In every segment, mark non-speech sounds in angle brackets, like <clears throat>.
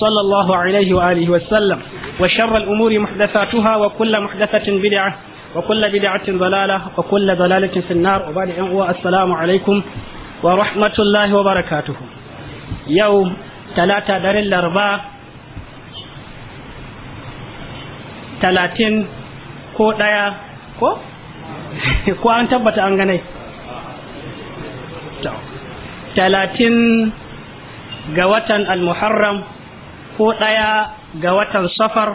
صلى الله عليه وآله وسلم وشر الأمور محدثاتها وكل محدثة بدعة وكل بدعة ضلالة وكل ضلالة في النار وبعد السلام عليكم ورحمة الله وبركاته يوم ثلاثة دار الأربعاء ثلاثين كو دايا كو ko an tabbata an ganai talatin ga watan al-muharram ko ɗaya ga watan safar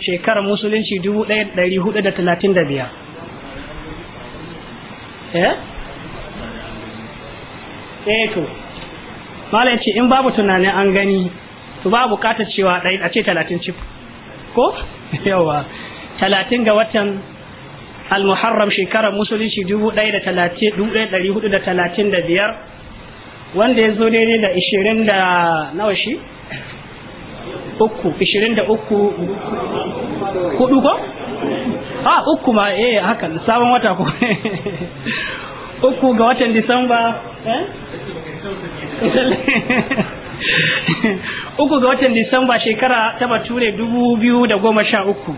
shekarar musulunci 1435 eh eh to malai ce in babu tunanin an gani to ba bukatar cewa ɗaya a ce 30 cif ko <laughs> yawa 30 ga watan al-muharram shekarar musulunci 1435 wanda ya zo daidai da 20 da nawa shi uku ishirin da uku hudu ko? ha uku ma eh haka sabon wata ko <laughs> uku ga watan disamba eh? uku ga watan disamba shekara ta bature dubu biyu da goma sha uku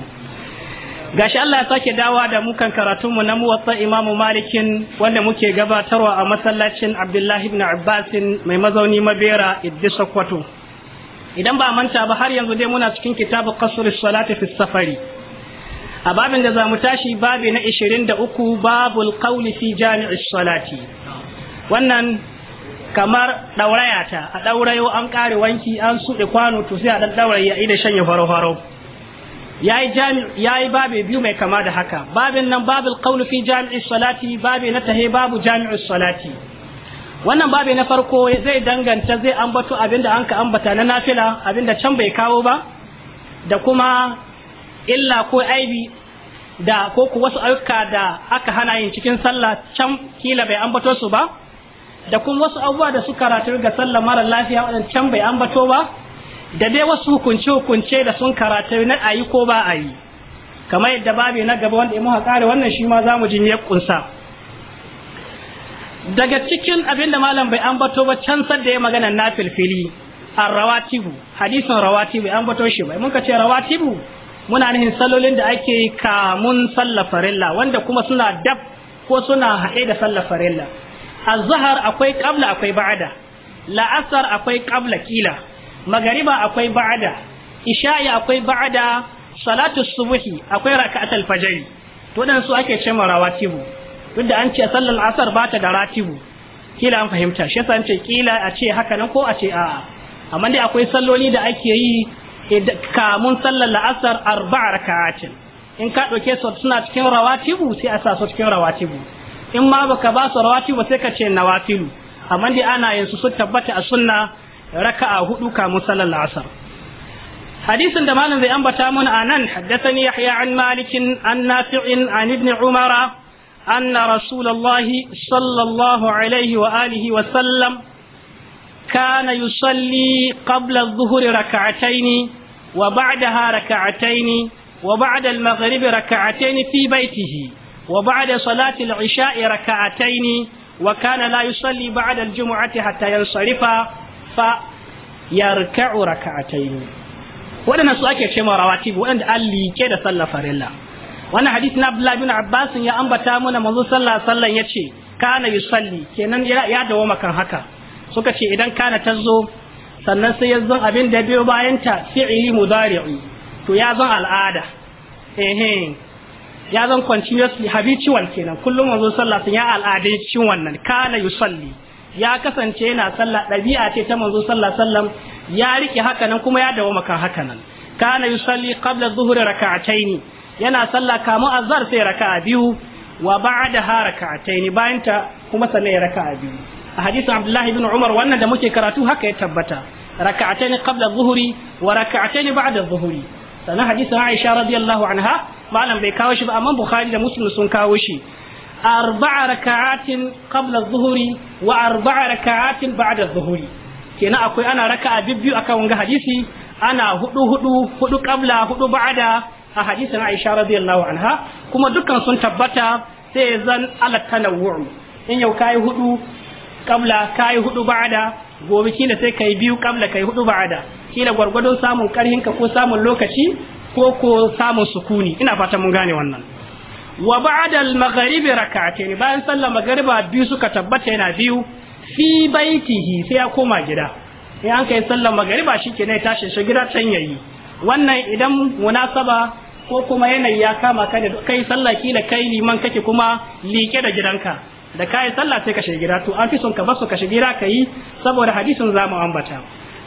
gashi Allah ya sake dawa da mukan karatunmu na muwatsa imamu malikin wanda muke gabatarwa a masallacin abdullahi ibn abbasin mai mazauni mabera idris Sokoto. idan ba manta ba har yanzu dai muna cikin kitabu qasr salati fi safari a babin da zamu tashi babi na 23 babul qawli fi jami'i salati wannan kamar dauraya ta a daurayo an kare wanki an suɗe kwano to sai a dan dauraya ida shanye faro faro yayi jami yayi babi biyu mai kama da haka babin nan babul qawli fi jami'i salati babi na tahe babu jami'i salati wannan babi na farko zai danganta zai ambato abinda an ka ambata na nafila abinda can bai kawo ba da kuma illa ko aibi da ko ku wasu ayyuka da aka hana yin cikin sallah can kila bai ambato su ba da kuma wasu abubuwa da suka karatu ga sallah mara lafiya wannan can bai ambato ba da dai wasu hukunce hukunce da sun karatu na ayi ko ba ayi kamar yadda babi na gaba wanda imu haƙari wannan shi ma za mu jin ya kunsa daga cikin abin da malam bai ambato ba can da ya magana na filfili a rawatibu hadisin rawatibu an bato shi bai muka ce rawatibu muna nihin sallolin da ake kamun sallar farilla wanda kuma suna dab ko suna haɗe da sallar farilla azhar akwai ƙabla akwai ba'ada, la'asar akwai ƙabla ƙila, magariba akwai ba'da isha'i akwai ba'ada, salatu subuhi akwai raka'atul fajr to dan su ake cewa rawatibu duk da an ce sallar asar ba ta da ratibu kila an fahimta shi yasa an ce kila a ce haka nan ko a ce a'a amma dai akwai salloli da ake yi kamun sallar la'asar arba'a raka'atin in ka ɗauke su suna cikin rawatibu sai a sa su cikin rawatibu in ma baka ba su rawatibu sai ka ce nawafilu amma dai ana yin su sun tabbata a sunna raka'a hudu kamun sallar la'asar حديث دمان ذي أنبت من أنن حدثني يحيى عن مالك عن نافع عن ابن عمر أن رسول الله صلى الله عليه وآله وسلم كان يصلي قبل الظهر ركعتين وبعدها ركعتين وبعد المغرب ركعتين في بيته وبعد صلاة العشاء ركعتين وكان لا يصلي بعد الجمعة حتى ينصرف فيركع ركعتين waɗannan su ake cewa rawatibu waɗanda an like da sallah farilla wannan hadisi na Abdullahi bin Abbas ya ambata mana manzo sallallahu alaihi wasallam yace kana yusalli kenan ya dawo makan haka suka ce idan kana tazo sannan sai ya zan abin da biyo bayan ta fi'ili mudari'i to ya zan al'ada eh ya zan continuously habitual kenan kullum manzo sallallahu alaihi wasallam ya al'adai cin wannan kana yusalli ya kasance yana sallah ɗabi'a ce ta manzo sallallahu alaihi wasallam ya rike haka nan kuma ya dawo makan haka nan kana yusalli qabla dhuhri raka'ataini yana sallah kamun azhar sai raka'a biyu wa ba'daha raka'ataini bayan kuma sannan ya raka'a biyu a hadisin Abdullahi bin Umar wannan da muke karatu haka ya tabbata raka'ataini qabla zuhuri wa raka'ataini ba'da zuhuri sannan hadisin Aisha radiyallahu anha malam bai kawo shi ba amma Bukhari da Muslim sun kawo shi arba'a raka'atin qabla zuhuri wa arba'a raka'atin ba'da zuhuri kenan akwai ana raka'a biyu akan wanga hadisi ana hudu hudu hudu qabla hudu ba'da a hadisin Aisha radiyallahu anha kuma dukkan sun tabbata sai zan ala tanawwu in yau kai hudu kabla kai hudu ba'da gobe kila sai kai biyu kabla kai hudu ba'da kila gwargwadon samun karhin ka ko samun lokaci ko ko samun sukuni ina fata mun gane wannan wa ba'da al maghrib rak'atayn bayan sallar maghriba biyu suka tabbata yana biyu fi baitihi sai ya koma gida in an kai sallar magariba shi ke nai tashin shi gida can yayi wannan idan munasaba ko kuma yanayi ya kama ka da kai sallah kila kai liman kake kuma liƙe da gidanka da kai sallah sai ka shiga gida to an fi son ka bar su ka shiga gida ka saboda hadisin za mu ambata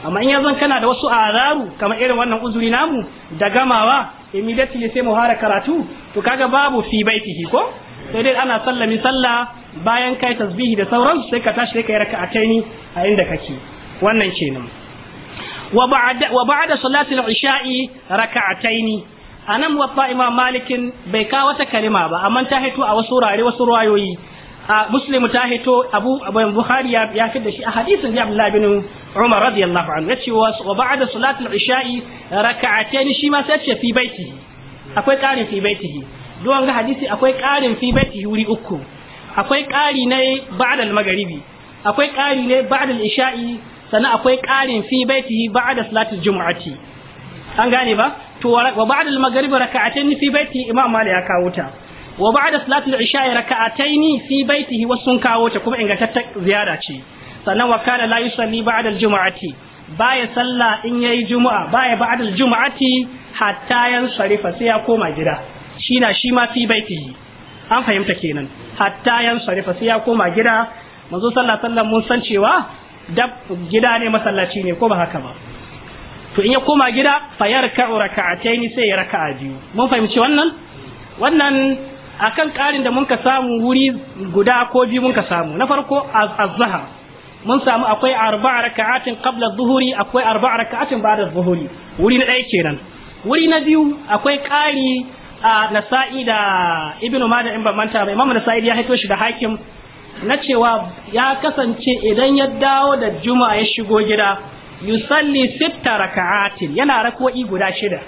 amma in yanzu kana da wasu azaru kamar irin wannan uzuri namu da gamawa immediately sai mu hara karatu to kaga babu fi baitihi ko sai dai ana sallami sallah bayan kai tasbihi da sauran sai ka tashi kai raka'a kai ni a inda kake wannan kenan wa ba'da wa ba'da salati al-isha'i raka'ataini A nan wafa imam malikin bai kawo wata kalima ba amma ta hito a wasu wurare wasu ruwayoyi a muslimu ta hito abu Buhari ya ya da shi a hadisin ya abdullah bin umar radiyallahu anhu yace wa ba'da salatul isha'i raka'atayn shi ma sai ce fi baitihi akwai karin fi baitihi duwan ga hadisi akwai karin fi baitihi wuri uku akwai kari ne ba'da al-maghribi akwai kari ne ba'da al-isha'i sannan akwai karin fi baitihi ba'da salatul jumu'ati an gane ba to wa ba'da al-maghrib raka'atayn fi baiti imam malik ya kawo ta wa ba'da salatul isha raka'atayn fi baitihi sun kawo ta kuma ingantattar ziyara ce sannan wa kana la yusalli ba'da al-jum'ati baya sallah in yayi juma'a baya ba'da al-jum'ati hatta yan sharifa sai ya koma gida shi na shi ma fi baitihi an fahimta kenan hatta yan sharifa sai ya koma gida manzo sallallahu alaihi wasallam mun san cewa dab gida ne masallaci ne ko ba haka ba to in ya koma gida fa yarka'u raka'ataini sai ya raka'a biyu mun fahimci wannan wannan akan karin da mun ka samu wuri guda ko biyu mun ka samu na farko az-zahar mun samu akwai arba'a raka'atin qabla dhuhuri akwai arba'a raka'atin ba'da dhuhuri wuri na ɗaya kenan wuri na biyu akwai ƙari a nasa'i da ibnu majah in ban manta ba imamu nasa'i ya haito shi da hakim na cewa ya kasance idan ya dawo da juma'a ya shigo gida yusalli sitta raka'atin yana rakwa'i guda shida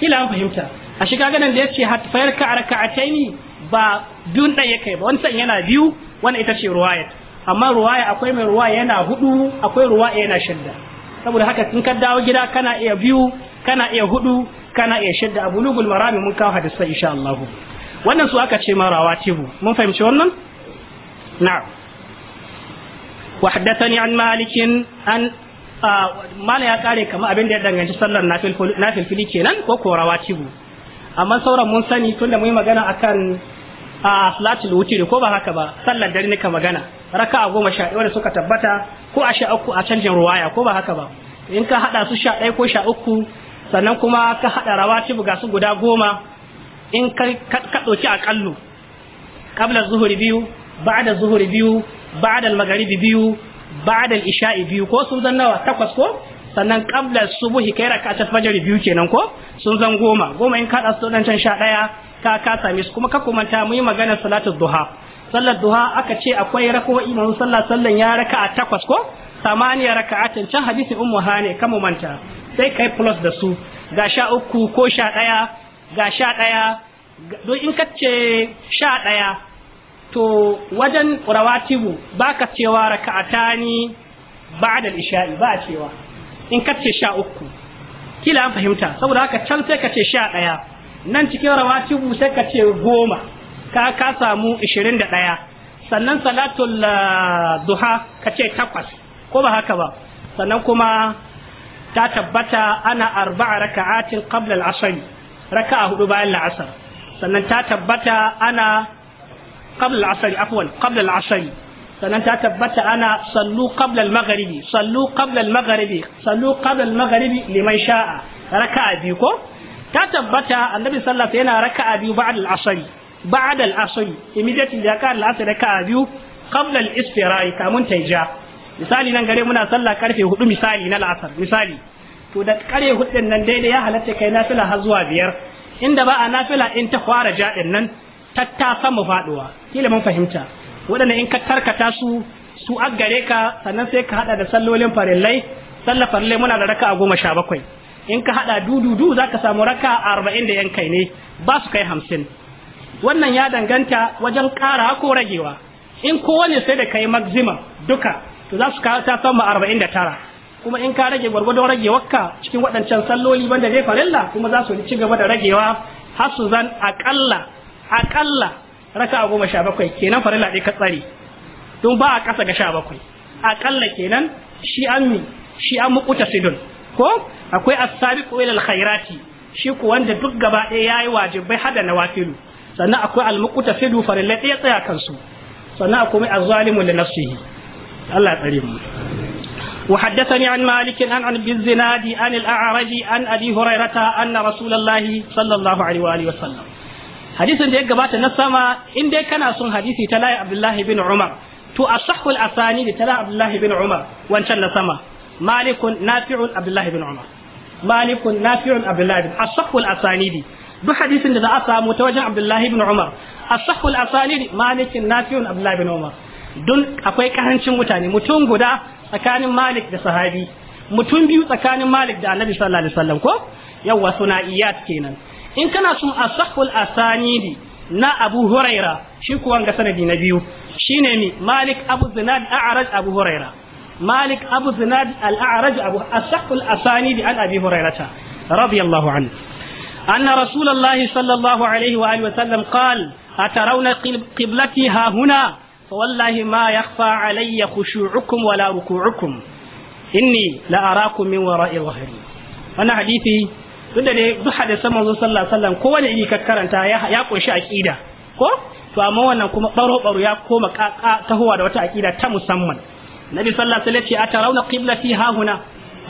kila an fahimta a shi kaga nan da yace hatta yarka raka'ataini ba biyun ɗaya kai ba wancan yana biyu wannan ita ce ruwayat amma ruwaya akwai mai ruwaya yana hudu akwai ruwaya yana shidda saboda haka in ka dawo gida kana iya biyu kana iya hudu kana iya shidda a bulugul marami mun kawo hadisa insha Allah wannan su aka ce marawa tibu mun fahimci wannan na'am وحدثني عن مالك Ah, mana ya kare kamar abin da ya danganci sallar nafilfili kenan ko ko rawatibu. amma sauran mun sani tun da mun yi magana akan a salatul wutiri ko ba haka ba sallar dare nika magana raka a goma sha ɗaya suka tabbata ko a sha uku a canjin ruwaya ko ba haka ba in ka haɗa su sha ɗaya ko sha uku sannan kuma ka haɗa rawa cibu ga su guda goma in ka ɗauki aƙallu kabla zuhuri biyu ba'da zuhuri biyu ba'da magaribi biyu ba'da isha'i biyu ko sun zan nawa takwas ko sannan qabla subuhi kai raka ta fajr biyu kenan ko sun zan goma goma in ka da su can sha daya ka ka same su kuma ka kumanta mu yi magana salatu duha sallar duha aka ce akwai rak'o'i manzo sallah sallan ya raka'a takwas ko samaniya raka'atin can hadisin ummu hane kamu manta sai kai plus da su ga sha uku ko sha ɗaya ga sha ɗaya don in kace sha ɗaya to wajen rawatibu baka cewa raka'atani ba'da al-isha'i ba cewa in ka ce sha uku kila an fahimta saboda haka can sai ka ce sha ɗaya nan cikin rawatibu sai ka ce goma ka ka samu ishirin da ɗaya sannan salatul ah, duha ka ce takwas ko ba haka ba sannan kuma ta tabbata ana arba'a raka'atin qabla al-asr raka'a hudu bayan la'asar sannan ta tabbata ana qabla al-asr afwan qabla sannan ta tabbata ana sallu qabla al-maghribi sallu qabla al-maghribi sallu qabla al-maghribi liman sha'a raka'a biyu ko ta tabbata annabi sallallahu alaihi yana raka'a biyu ba'da al-asr ba'da al-asr immediately da ka al-asr raka'a qabla al-istira'i kamun taija misali nan gare muna sallah karfe hudu misali na la'asar misali to da karfe nan daidai ya halatta kai nafila har zuwa biyar inda ba a nafila in ta fara ja'in nan Tatta mu faduwa kila mun fahimta waɗanda in ka tarkata su su agare ka sannan sai ka haɗa da sallolin farillai sallar farillai muna da raka'a goma sha bakwai in ka hada dududu za ka samu raka'a arba'in da yan kai ne ba su kai hamsin wannan ya danganta wajen ƙara ko ragewa in kowane sai da kai magzima duka to za su kawo ta samu arba'in da tara kuma in ka rage gwargwadon ragewarka cikin waɗancan salloli banda zai farilla kuma za su ci gaba da ragewa har su zan aƙalla aƙalla Raka goma sha bakwai kenan farilla ɗaya ka tsare don ba a ƙasa ga sha bakwai aƙalla kenan shi an mi shi an mukuta sidon ko akwai as-sabiqu ila khairati shi ku wanda duk gaba ɗaya yi wajibai hada nawafilu sannan akwai al-mukuta sidu farilla ɗaya tsaya kansu sannan akwai az-zalimu li nafsihi Allah ya tsare mu وحدثني عن مالك عن عن بالزناد عن الأعرج عن أبي هريرة أن رسول الله صلى الله عليه وآله وسلم hadisin da ya gabata na sama in dai kana son hadisi ta layi abdullahi bin umar to a sahul asani da ta layi abdullahi bin umar wancan na sama malikun nafi'un abdullahi bin umar malikun nafi'un abdullahi bin Umar, asahul asani duk hadisin da za a samu ta wajen abdullahi bin umar asahul asani malikin nafi'un abdullahi bin umar don akwai karancin mutane mutum guda tsakanin malik da sahabi mutum biyu tsakanin malik da annabi sallallahu alaihi wasallam ko yawwa suna iyat kenan in kana sun asahul asanidi na abu huraira shi kuwan ga sanadi na biyu shine mi malik abu zinad a'raj abu huraira malik abu zinad al-a'raj abu asahul asanidi an abi hurairata radiyallahu anhu أن رسول الله صلى الله عليه وآله وسلم قال أترون قبلتي ها هنا فوالله ما يخفى علي خشوعكم ولا ركوعكم إني لأراكم من وراء ظهري أنا حديثي tunda dai duk hadisan manzo sallallahu alaihi wasallam kowane iri ka karanta ya ya koshi akida ko to amma wannan kuma baro baro ya koma kaka tahowa da wata akida ta musamman nabi sallallahu alaihi wasallam ya ce atarawna qiblati ha huna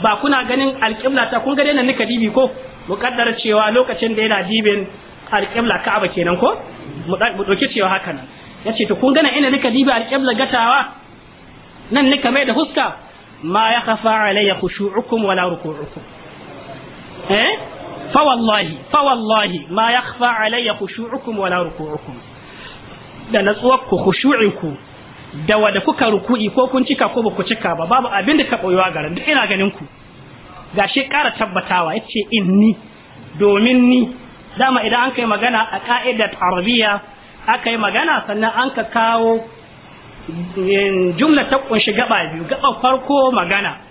ba kuna ganin alqibla ta kun ga dai nan nika dibi ko muqaddar cewa lokacin da yana dibin alqibla ka'aba kenan ko mu dauki cewa haka nan yace to kun gana ina nika dibi alqibla gatawa nan nika mai da huska ma ya khafa alayya khushu'ukum wala ruku'ukum eh fawallahi fawallahi ma ya yakhfa alayya khushu'ukum la ruku'ukum da natsuwar ku khushu'in ku da wada kuka ruku'i ko kun cika ko ba ku cika ba babu abin da ka boyewa garin duk ina ganin ku gashi ƙara tabbatawa yace inni domin ni dama idan an kai magana a ka'idat arabiya aka yi magana sannan an ka kawo eh, jumla ta kunshi gaba biyu gaba farko magana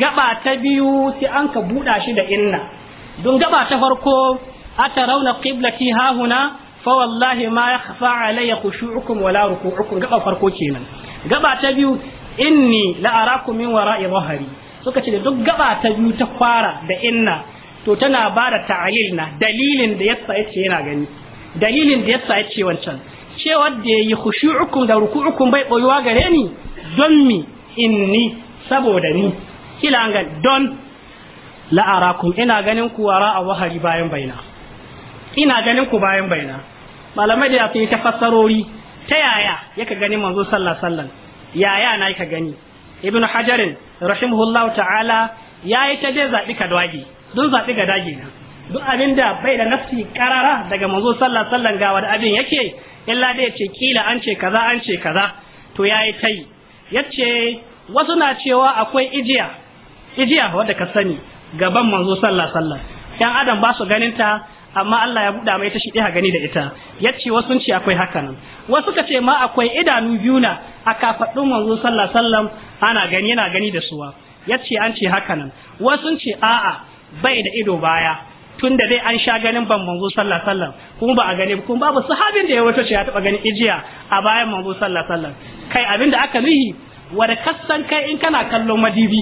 gaba ta biyu sai an ka buɗa shi da inna don gaba ta farko rauna qiblati ha huna fa wallahi ma yakhfa alayya khushu'ukum wala ruku'ukum gaba farko kenan gaba ta biyu inni la arakum min wara'i dhahri suka ce duk gaba ta biyu ta fara da inna to tana ba da ta'alil na dalilin da yasa yace yana gani dalilin da yasa yace wancan cewa da yayi khushu'ukum da ruku'ukum bai boyuwa gare ni don mi inni saboda ni kila an don la'arakum ina ganin ku wara a wahari bayan baina ina ganin ku bayan baina malamai da yafi ta fassarori ta yaya yaka gani manzo sallallahu sallan yaya na yaka gani ibnu hajarin rahimahullahu ta'ala yayi ta je zabi ka dwage don zabi ga dage na duk abinda bai da nafsi karara daga manzo sallallahu sallan ga wani abin yake illa dai ce kila an ce kaza an ce kaza to yayi tai yace wasu na cewa akwai ijiya ijiya wanda ka sani gaban manzo sallah sallah yan adam ba su ganin ta amma Allah ya buɗa mai ta shi ɗaya gani da ita yace wasu ce akwai haka nan wasu ka ce ma akwai idanu biyu na a kafaɗin manzo sallah wasallam ana gani yana gani da suwa yace an ce haka nan wasu ce a'a bai da ido baya tun da dai an sha ganin ban manzo sallah wasallam kuma ba a gani kuma babu sahabin da ya wato ce ya taɓa ganin ijiya a bayan manzo sallah wasallam kai abinda da aka nuhi da kasan kai in kana kallon madibi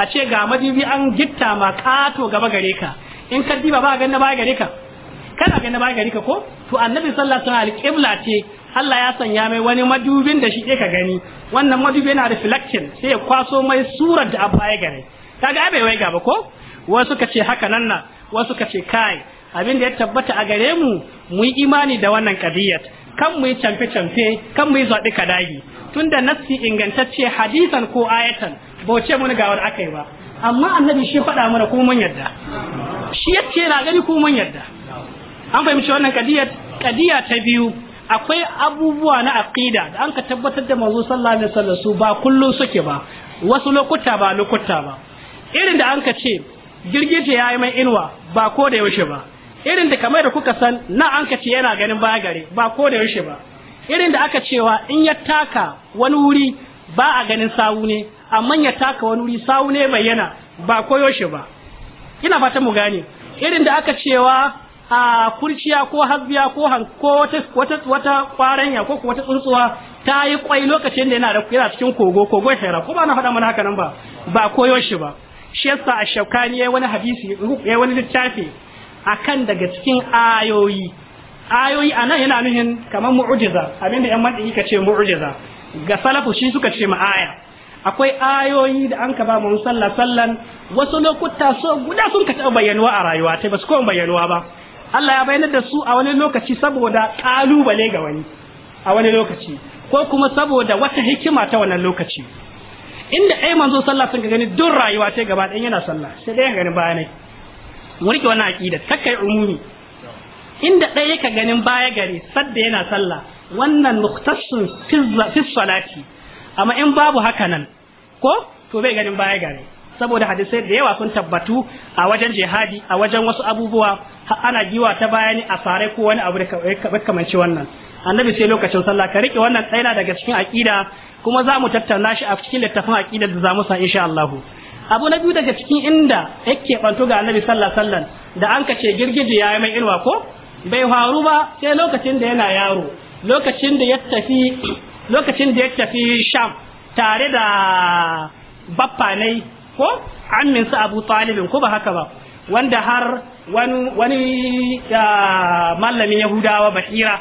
a ce ga madubi an gitta ma kato gaba gare ka in ka diba ba ganna ba gare ka kana ganna ba gare ka ko to annabi sallallahu alaihi wasallam alqibla ce Allah ya sanya mai wani madubin da shi ka gani wannan madubi yana reflection sai ya kwaso mai surar da abba ya gare kaga bai wai gaba ko wasu ka ce haka nan na wasu ka ce kai abin da ya tabbata a gare mu mu yi imani da wannan kadiyat kan mu yi camfe-camfe kan mu yi zaɓi kadagi tun da nassi ingantacce hadisan ko ayatan ba ce mun ga wani aka yi ba amma annabi shi faɗa mana kuma mun yarda shi ya ce na gani kuma mun yarda an fahimci wannan kadiyar kadiya ta biyu akwai abubuwa na aqida da an ka tabbatar da manzo sallallahu alaihi wasallam su ba kullun suke ba wasu lokuta ba lokuta ba irin da an ka ce girgije yayi mai inuwa ba ko da yaushe ba irin da kamar da kuka san na an ka ce yana ganin baya gare ba ko da yaushe ba irin da aka cewa in ya taka wani wuri ba a ganin sawu ne amma ya taka wani wuri sawu ne yana ba ko yaushe ba ina fata mu gane irin da aka cewa a kurciya ko hazbiya ko ko wata wata wata kwaranya ko wata tsuntsuwa ta yi kwai lokacin da yana da yana cikin kogo kogo shara ko ba na faɗa mana haka nan ba ba ko yaushe ba shi yasa a shaukani yayi wani hadisi yayi wani littafi akan daga cikin ayoyi ayoyi anan yana nuhin kamar mu'ujiza. abinda yan madin ka ce mu'jiza ga salafu shi suka ce ma'aya akwai ayoyi da an ka ba mu sallah sallan wasu lokuta so guda sun ka taɓa bayyanuwa a rayuwa ta ba su kuma bayyanuwa ba Allah ya bayyana da su a wani lokaci saboda kalubale ga wani a wani lokaci ko kuma saboda wata hikima ta wannan lokaci inda ai manzo sallah sun ga gani duk rayuwa ta gaba ɗaya yana sallah sai ɗaya gani bayanai mu rike wannan aqida takai umumi inda ɗaya yake ganin baya gare sadda yana sallah wannan muktasun fi salati amma in babu haka nan ko to bai ganin baya gare saboda hadisai da yawa sun tabbatu a wajen jihadi a wajen wasu abubuwa ana giwa ta bayani a sare ko wani abu da kamanci wannan annabi sai lokacin sallah ka rike wannan tsaina daga cikin aqida kuma za mu tattauna shi a cikin littafin aqida da za mu sa insha Allahu. abu na biyu daga cikin inda yake kwanto ga annabi sallallahu alaihi wasallam da an kace girgije yayi mai irwa ko bai faru ba sai lokacin da yana yaro lokacin da ya tafi <clears throat> lokacin da ya tafi sham tare da baffanai ko ammin abu talibin ko ba haka ba wanda har wani wani mallamin yahudawa basira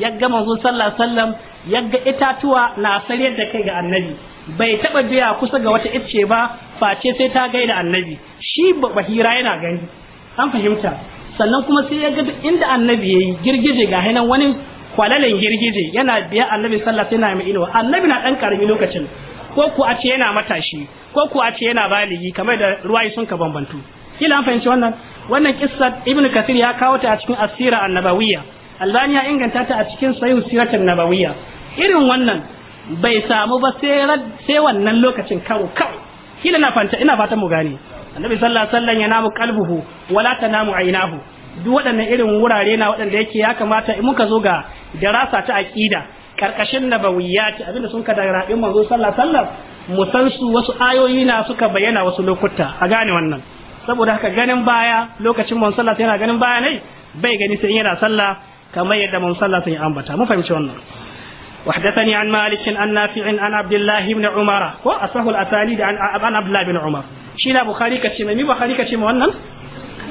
ya ga manzon sallallahu alaihi wasallam ya ga itatuwa na sariyar da kai ga annabi bai taba biya kusa ga wata icce ba face sai ta gaida annabi shi bahira yana gani an fahimta sannan kuma sai ya ga inda annabi yayi girgije ga hinan wani kwalalen girgije yana biya annabi sallallahu alaihi wasallam yana mai annabi na dan karami lokacin ko ku a ce yana matashi ko ku a ce yana baligi kamar da ruwayi sun ka bambantu kila an fahimci wannan wannan kissa ibnu kathir ya kawo ta a cikin asira annabawiyya albani ya inganta ta a cikin sahih sirat annabawiyya irin wannan bai samu ba sai wannan lokacin kawo kawai kila na fanta ina fatan mu gane annabi sallallahu alaihi wasallam yana mu qalbuhu wala tanamu ainahu duk waɗannan irin wurare na waɗanda yake ya kamata in muka zo ga darasa ta aqida karkashin nabawiyyat abinda sun ka daga rabin manzo sallallahu alaihi wasallam mu san su wasu ayoyi na suka bayyana wasu lokuta a gane wannan saboda haka ganin baya lokacin mun sallah yana ganin baya ne bai gani sai yana sallah kamar yadda mun sallah sai ambata mun fahimci wannan وحدثني عن مالك عن نافع عن عبد الله بن عمر وأصح الأساليب عن عن عبد الله بن عمر شيلا بخاري كتشيما مي بخاري كتشيما ونن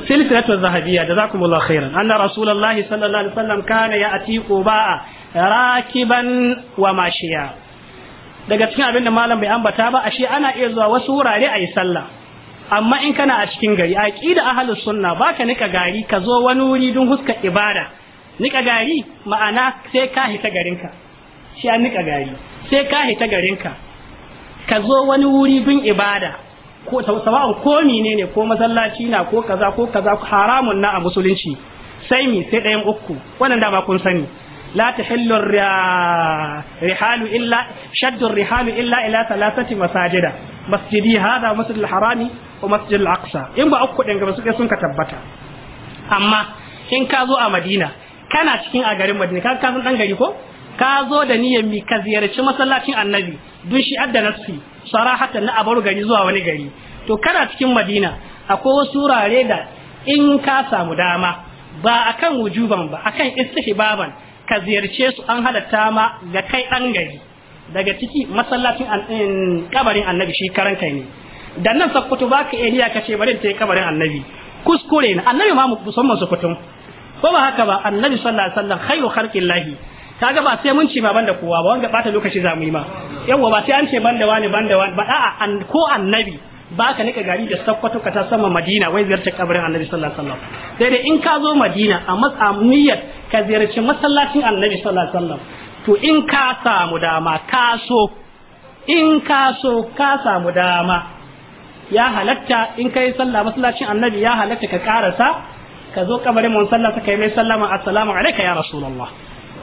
سلسلة الذهبية جزاكم الله خيرا أن رسول الله صلى الله عليه وسلم كان يأتي قباء راكبا وماشيا daga cikin abin da malam bai ambata ba ashe ana iya zuwa wasu wurare a yi sallah amma in kana a cikin gari a ƙida ahalus sunna baka nika gari ka zo wani wuri don huskar ibada nika gari ma'ana sai ka hita garinka shi ya nika gari sai ka hita garinka ka zo wani wuri bin ibada ko sawa'un ko mine ne ko masallaci na ko kaza ko kaza haramun na a musulunci sai mi sai ɗayan uku wannan dama kun sani la tahillu rihalu illa shaddu rihalu illa ila thalathati masajida masjidi hada masjidil harami wa masjidil aqsa in ba uku ɗin gaba suke sun ka tabbata amma in ka zo a madina kana cikin a garin madina ka san dan gari ko ka zo da niyyar mi ka ziyarci masallacin annabi dun shi adda nafsi sarahatan na abar gari zuwa wani gari to kana cikin madina akwai wasu wurare da in ka samu dama ba akan wujuban ba akan istihbaban ka ziyarce su an halatta ma ga kai dan gari daga ciki masallacin kabarin annabi shi karan kai ne dan nan sakkwato ba ka iya ka ce bari ta yi kabarin annabi kuskure na annabi ma musamman sakkwato ko ba haka ba annabi sallallahu alaihi wasallam khairu khalqillahi kaga ba sai mun ce ma banda kowa ba wanda bata lokaci za mu yi ma yawa ba sai an ce banda wani banda wani ba a'a an ko annabi ba ka nika gari da sakkwato ka ta sama madina wai ziyartar kabarin annabi sallallahu alaihi wasallam sai dai in ka zo madina a matsamiyar ka ziyarci masallacin annabi sallallahu alaihi wasallam to in ka samu dama ka so in ka so ka samu dama ya halatta in ka yi sallah masallacin annabi ya halatta ka karasa ka zo kabarin mun sallah sai yi mai sallama assalamu alayka ya rasulullah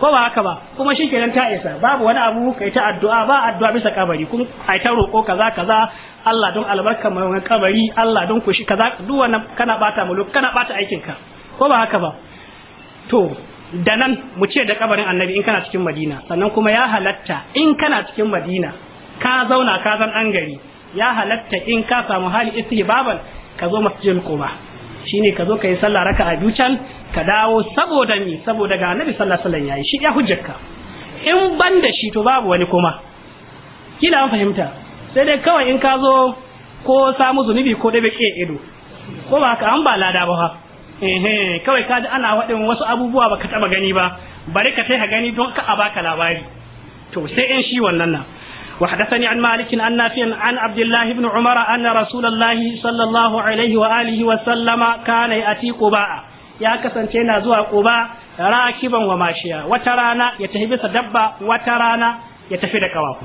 ko ba haka ba kuma shi shikenan ta isa babu wani abu kai ta addu'a ba addu'a bisa kabari kuma ai ta roko kaza kaza Allah don albarka mai wannan kabari Allah don kushi kaza duk wannan kana bata mulu kana bata aikin ka ko ba haka ba to da nan mu ce da kabarin annabi in kana cikin madina sannan kuma ya halatta in kana cikin madina ka zauna ka zan an gari ya halatta in ka samu hali istihbaban ka zo masjidil quba shine ka zo ka yi sallah raka'a biyu can ka dawo saboda ni saboda ga annabi sallallahu alaihi wasallam yayi shi ya hujjarka in ban da shi to babu wani kuma kila an fahimta sai dai kawai in ka zo ko samu zunubi ko da bake ido ko ba ka an ba lada ba fa eh kawai ka ji ana wadin wasu abubuwa ba ka taba gani ba bari ka sai ka gani don ka a baka labari to sai in shi wannan nan وحدثني عن مالك عن نافع عن عبد الله بن عمر أن رسول الله صلى الله عليه وآله وسلم كان يأتي قباء ya kasance yana zuwa ƙuba rakiban wa mashiya wata rana ya tafi bisa dabba wata rana ya tafi da kawaku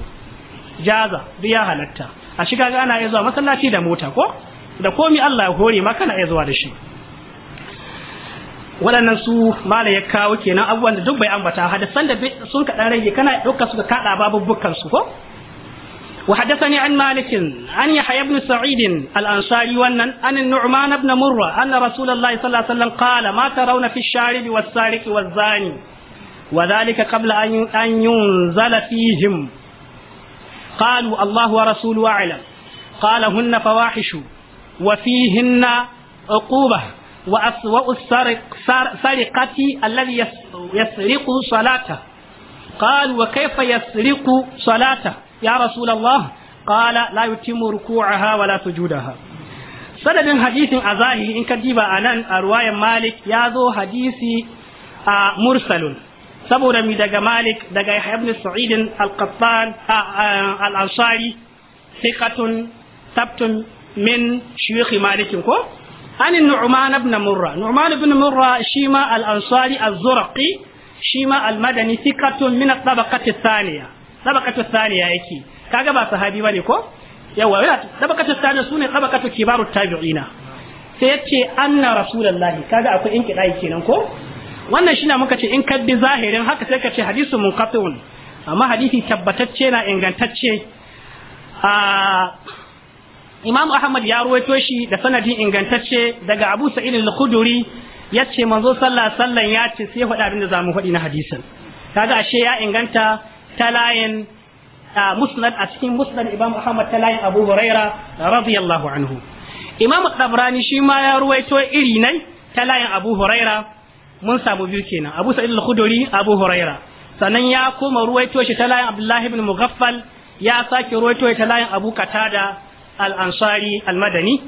jaza duk ya halatta a shiga ga ana iya zuwa masallaci da mota ko da komi Allah ya hore ma kana iya zuwa da shi waɗannan su mala ya kawo kenan abubuwan da duk bai ambata hadisan da sun kaɗan rage kana ɗaukar suka ka kaɗa babu su ko وحدثني عن مالك عن يحيى بن سعيد الأنصاري ونن عن النعمان بن مرة أن رسول الله صلى الله عليه وسلم قال ما ترون في الشارب والسارق والزاني وذلك قبل أن ينزل فيهم قالوا الله ورسوله أعلم قال هن فواحش وفيهن عقوبة وأسوأ السرق سرقة الذي يسرق صلاته قال وكيف يسرق صلاته ya rasulullah qala la yutimmu ruku'aha wala sujudaha sanadin hadisin a zahiri in ka diba a nan a ruwayan malik ya zo hadisi a mursalun saboda mi daga malik daga ibn sa'idin al-qattan al-ansari thiqatun tabtun min shuyukh malik ko an nu'man ibn murra nu'man ibn murra shima al-ansari az-zurqi shima al-madani thiqatun min at-tabaqati ath-thaniya tabakatu thaniya yake kaga ba sahabi bane ko yawa yana thaniya sune tabakatu kibaru tabi'ina sai yace anna rasulullahi kaga akwai in kidai kenan ko wannan shine muka ce in kaddi zahirin haka sai ka ce hadisu munqati'un amma hadisi tabbatacce na ingantacce Imam Ahmad ya ruwaito shi da sanadin ingantacce daga Abu Sa'id al khuduri yace manzo sallallahu alaihi wasallam ya ce sai faɗa abin da zamu faɗi na hadisin kaga ashe ya inganta talayin musnad a cikin musnad imam ahmad talayin abu huraira radiyallahu anhu imam tabrani shi ma ya ruwaito iri nai talayin abu huraira mun samu biyu kenan abu sa'id abu huraira sannan ya koma ruwaito shi layin abdullahi ibn mughaffal ya sake ruwaito shi layin abu katada al-ansari al-madani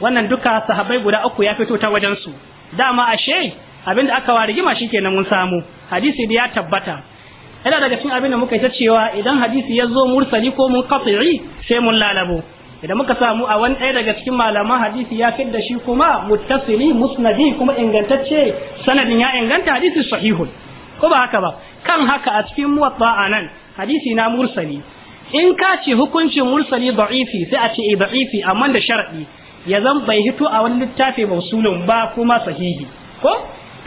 wannan duka sahabbai guda uku ya fito ta wajen su dama ashe abinda aka wa rigima shikenan mun samu hadisi da ya tabbata yana daga cikin abin da muka yi ta cewa idan hadisi ya zo mursali ko mun qati'i sai mun lalabo idan muka samu a wani ɗaya daga cikin malaman hadisi ya fi da shi kuma muttasili musnadi kuma ingantacce sanadin ya inganta hadisi sahihu ko ba haka ba kan haka a cikin muwatta nan hadisi na mursali in ka ce hukuncin mursali da'ifi sai a ce e da'ifi amma da sharadi ya zan bai hito a wani littafi mausulun ba kuma sahihi ko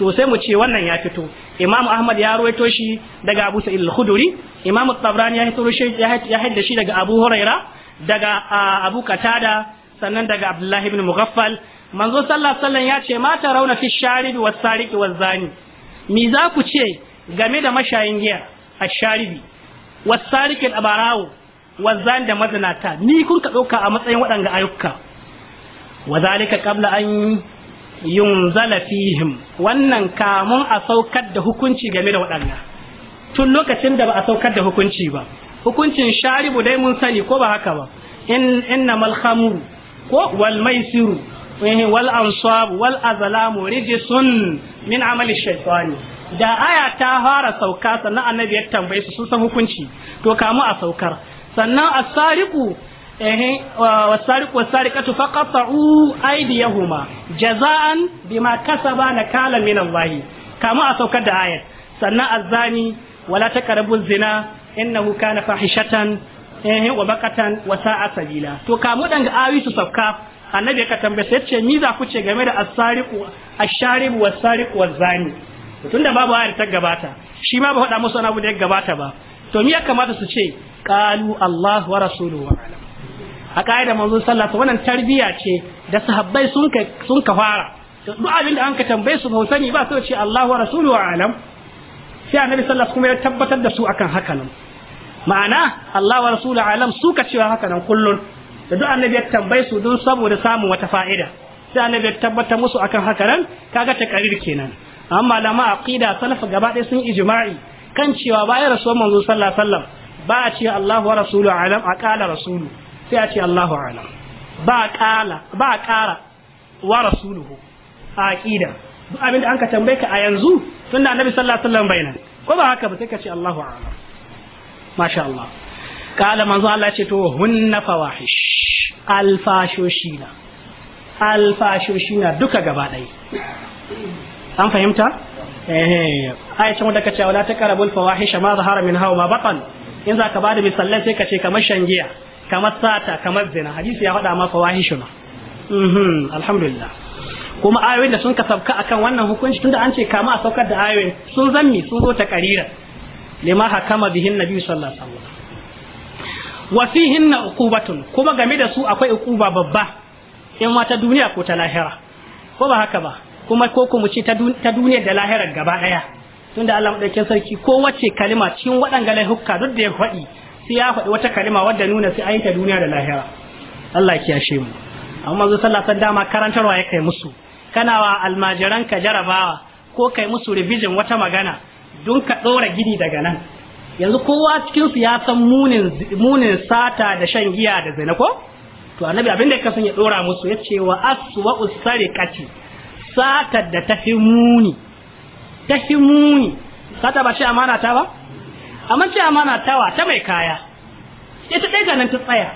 to sai mu ce wannan ya fito imam ahmad ya ruwaito shi daga abu sa'id al-khuduri imam tabrani ya hito shi ya hadda shi daga abu huraira daga abu katada sannan daga abdullahi ibn mughaffal manzo sallallahu alaihi ya ce mata rauna fi sharibi was sariqi was zani mi za ku ce game da mashayin giya a sharibi was sariqi al-abarawo was zani da mazinata ni kun ka dauka a matsayin waɗanda ayyuka wa zalika qabla an zala fihim wannan kamun a saukar da hukunci game da waɗannan tun lokacin da ba a saukar da hukunci ba hukuncin sharibu dai mun sani ko ba haka ba in inna mal ko wal maisiru eh, wal ansab wal azlamu rijsun min amali shaytani da aya ta fara sauka sannan annabi ya tambaye su sun san hukunci to kamu a saukar sannan asariku eh wasariq wasariqatu faqata'u aydiyahuma jaza'an bima kasaba nakala min Allah kama a saukar da ayat sannan azzani wala karabun zina innahu na fahishatan eh wa baqatan wa sa'a sabila to kamu dan ga ayi su sauka annabi ka tambaye sai ce ni za ku ce game da asariku sariqu ash zani tunda babu ayar ta gabata shi ma ba faɗa musu wani abu da ya gabata ba to me ya kamata su ce qalu Allahu wa rasuluhu a'lam a ka'idar manzon sallah to wannan tarbiya ce da sahabbai sun ka sun ka fara to duk abin da an ka tambaye su ba sani ba sai ce Allahu wa rasuluhu alam sai annabi sallallahu kuma ya tabbatar da su akan haka nan ma'ana Allah wa rasuluhu alam su ka cewa haka nan kullun da duk annabi ya tambaye su don saboda samun wata fa'ida sai annabi ya tabbatar musu akan haka nan kaga takarir kenan amma malama aqida salaf gaba ɗaya sun ijma'i kan cewa bayan rasuwar manzo sallallahu alaihi wasallam ba a ce Allahu wa rasuluhu alam aqala rasuluhu sai a ce Allahu a'lam ba kala ba kara wa rasuluhu a aqida duk abin da anka tambaye ka a yanzu tunda annabi sallallahu alaihi wasallam bayanan ko ba haka ba sai ka ce Allahu a'lam masha Allah kala manzo Allah ce to hunna fawahish alfashoshina alfashoshina duka gaba ɗaya an fahimta eh ayyacin wanda kace wala taqrabul fawahisha ma zahara minha hawa ma batan in za zaka bada misalai sai ka ce kamar shangiya kamar sata kamar zina hadisi ya faɗa ma fawahishuna mhm alhamdulillah kuma ayoyin da sun kasabka akan wannan hukunci tunda an ce kama a saukar da ayoyin sun zanni sun zo ta karira lima hakama bihin nabi sallallahu alaihi wasallam uqubatun kuma game da su akwai ukuba babba in ma ta duniya ko ta lahira ko ba haka ba kuma ko kuma ce ta duniya da lahirar gaba daya tunda Allah madaukakin sarki ko wacce kalima cikin waɗanga hukka duk da ya faɗi sai ya faɗi wata kalima wadda nuna sai an ta duniya da lahira Allah ya kiyashe mu amma manzo sallallahu alaihi wasallam karantarwa ya kai musu kana wa almajiran ka jarabawa ko kai musu revision wata magana don ka dora gini daga nan yanzu kowa cikin su ya san munin munin sata da shan giya da zina ko to annabi abin da kasan ya ɗora musu ya ce wa aswa kati sata da tafi muni tafi muni sata ba shi amana ta ba amma ce amana tawa ta mai kaya ita ɗaya ganin ta tsaya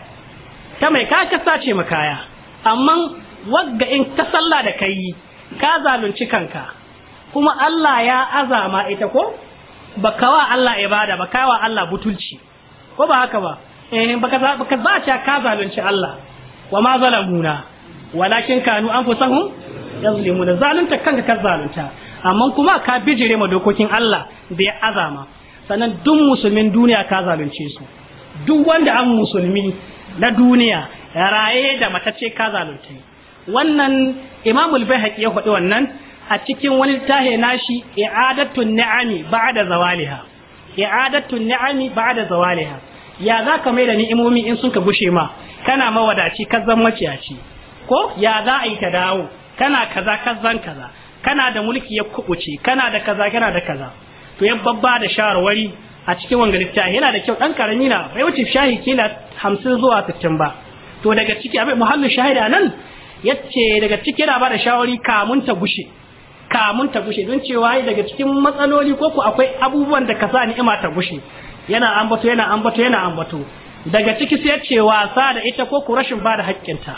ta mai kaya ka sace ma kaya amma wagga in ka sallah da kai ka zalunci kanka kuma Allah ya azama ita ko ba kawa Allah ibada ba kawa Allah butulci ko ba haka ba eh baka baka ba ka zalunci Allah wa ma zalamuna walakin kanu anfusahum yazlimuna zalunta kanka ka zalunta amma kuma ka bijire ma dokokin Allah da ya azama sannan duk musulmin duniya ka zalunce su duk wanda an musulmi na duniya raye da matacce ka zalunce wannan imamul bayhaqi ya faɗi wannan a cikin wani tahe nashi i'adatun ni'ami ba'da zawaliha i'adatun ni'ami ba'da zawaliha ya za ka mai da ni'imomi in sun ka gushe ma kana mawadaci kazan zan maciyaci ko ya za a yi ta dawo kana kaza kazan kaza kana da mulki ya kubuce kana da kaza kana da kaza to ya babba da shawarwari a cikin wanga littafi yana da kyau dan karami na bai wuce shahi kila 50 zuwa 60 ba to daga ciki abai muhallin shahida nan yace daga ciki yana bada shawari kamun ta gushe kamun ta gushe don cewa daga cikin matsaloli ko ku akwai abubuwan da ka sa ni'ima ta gushe yana ambato yana ambato yana ambato daga ciki sai ce wasa da ita ko ku rashin bada haƙƙinta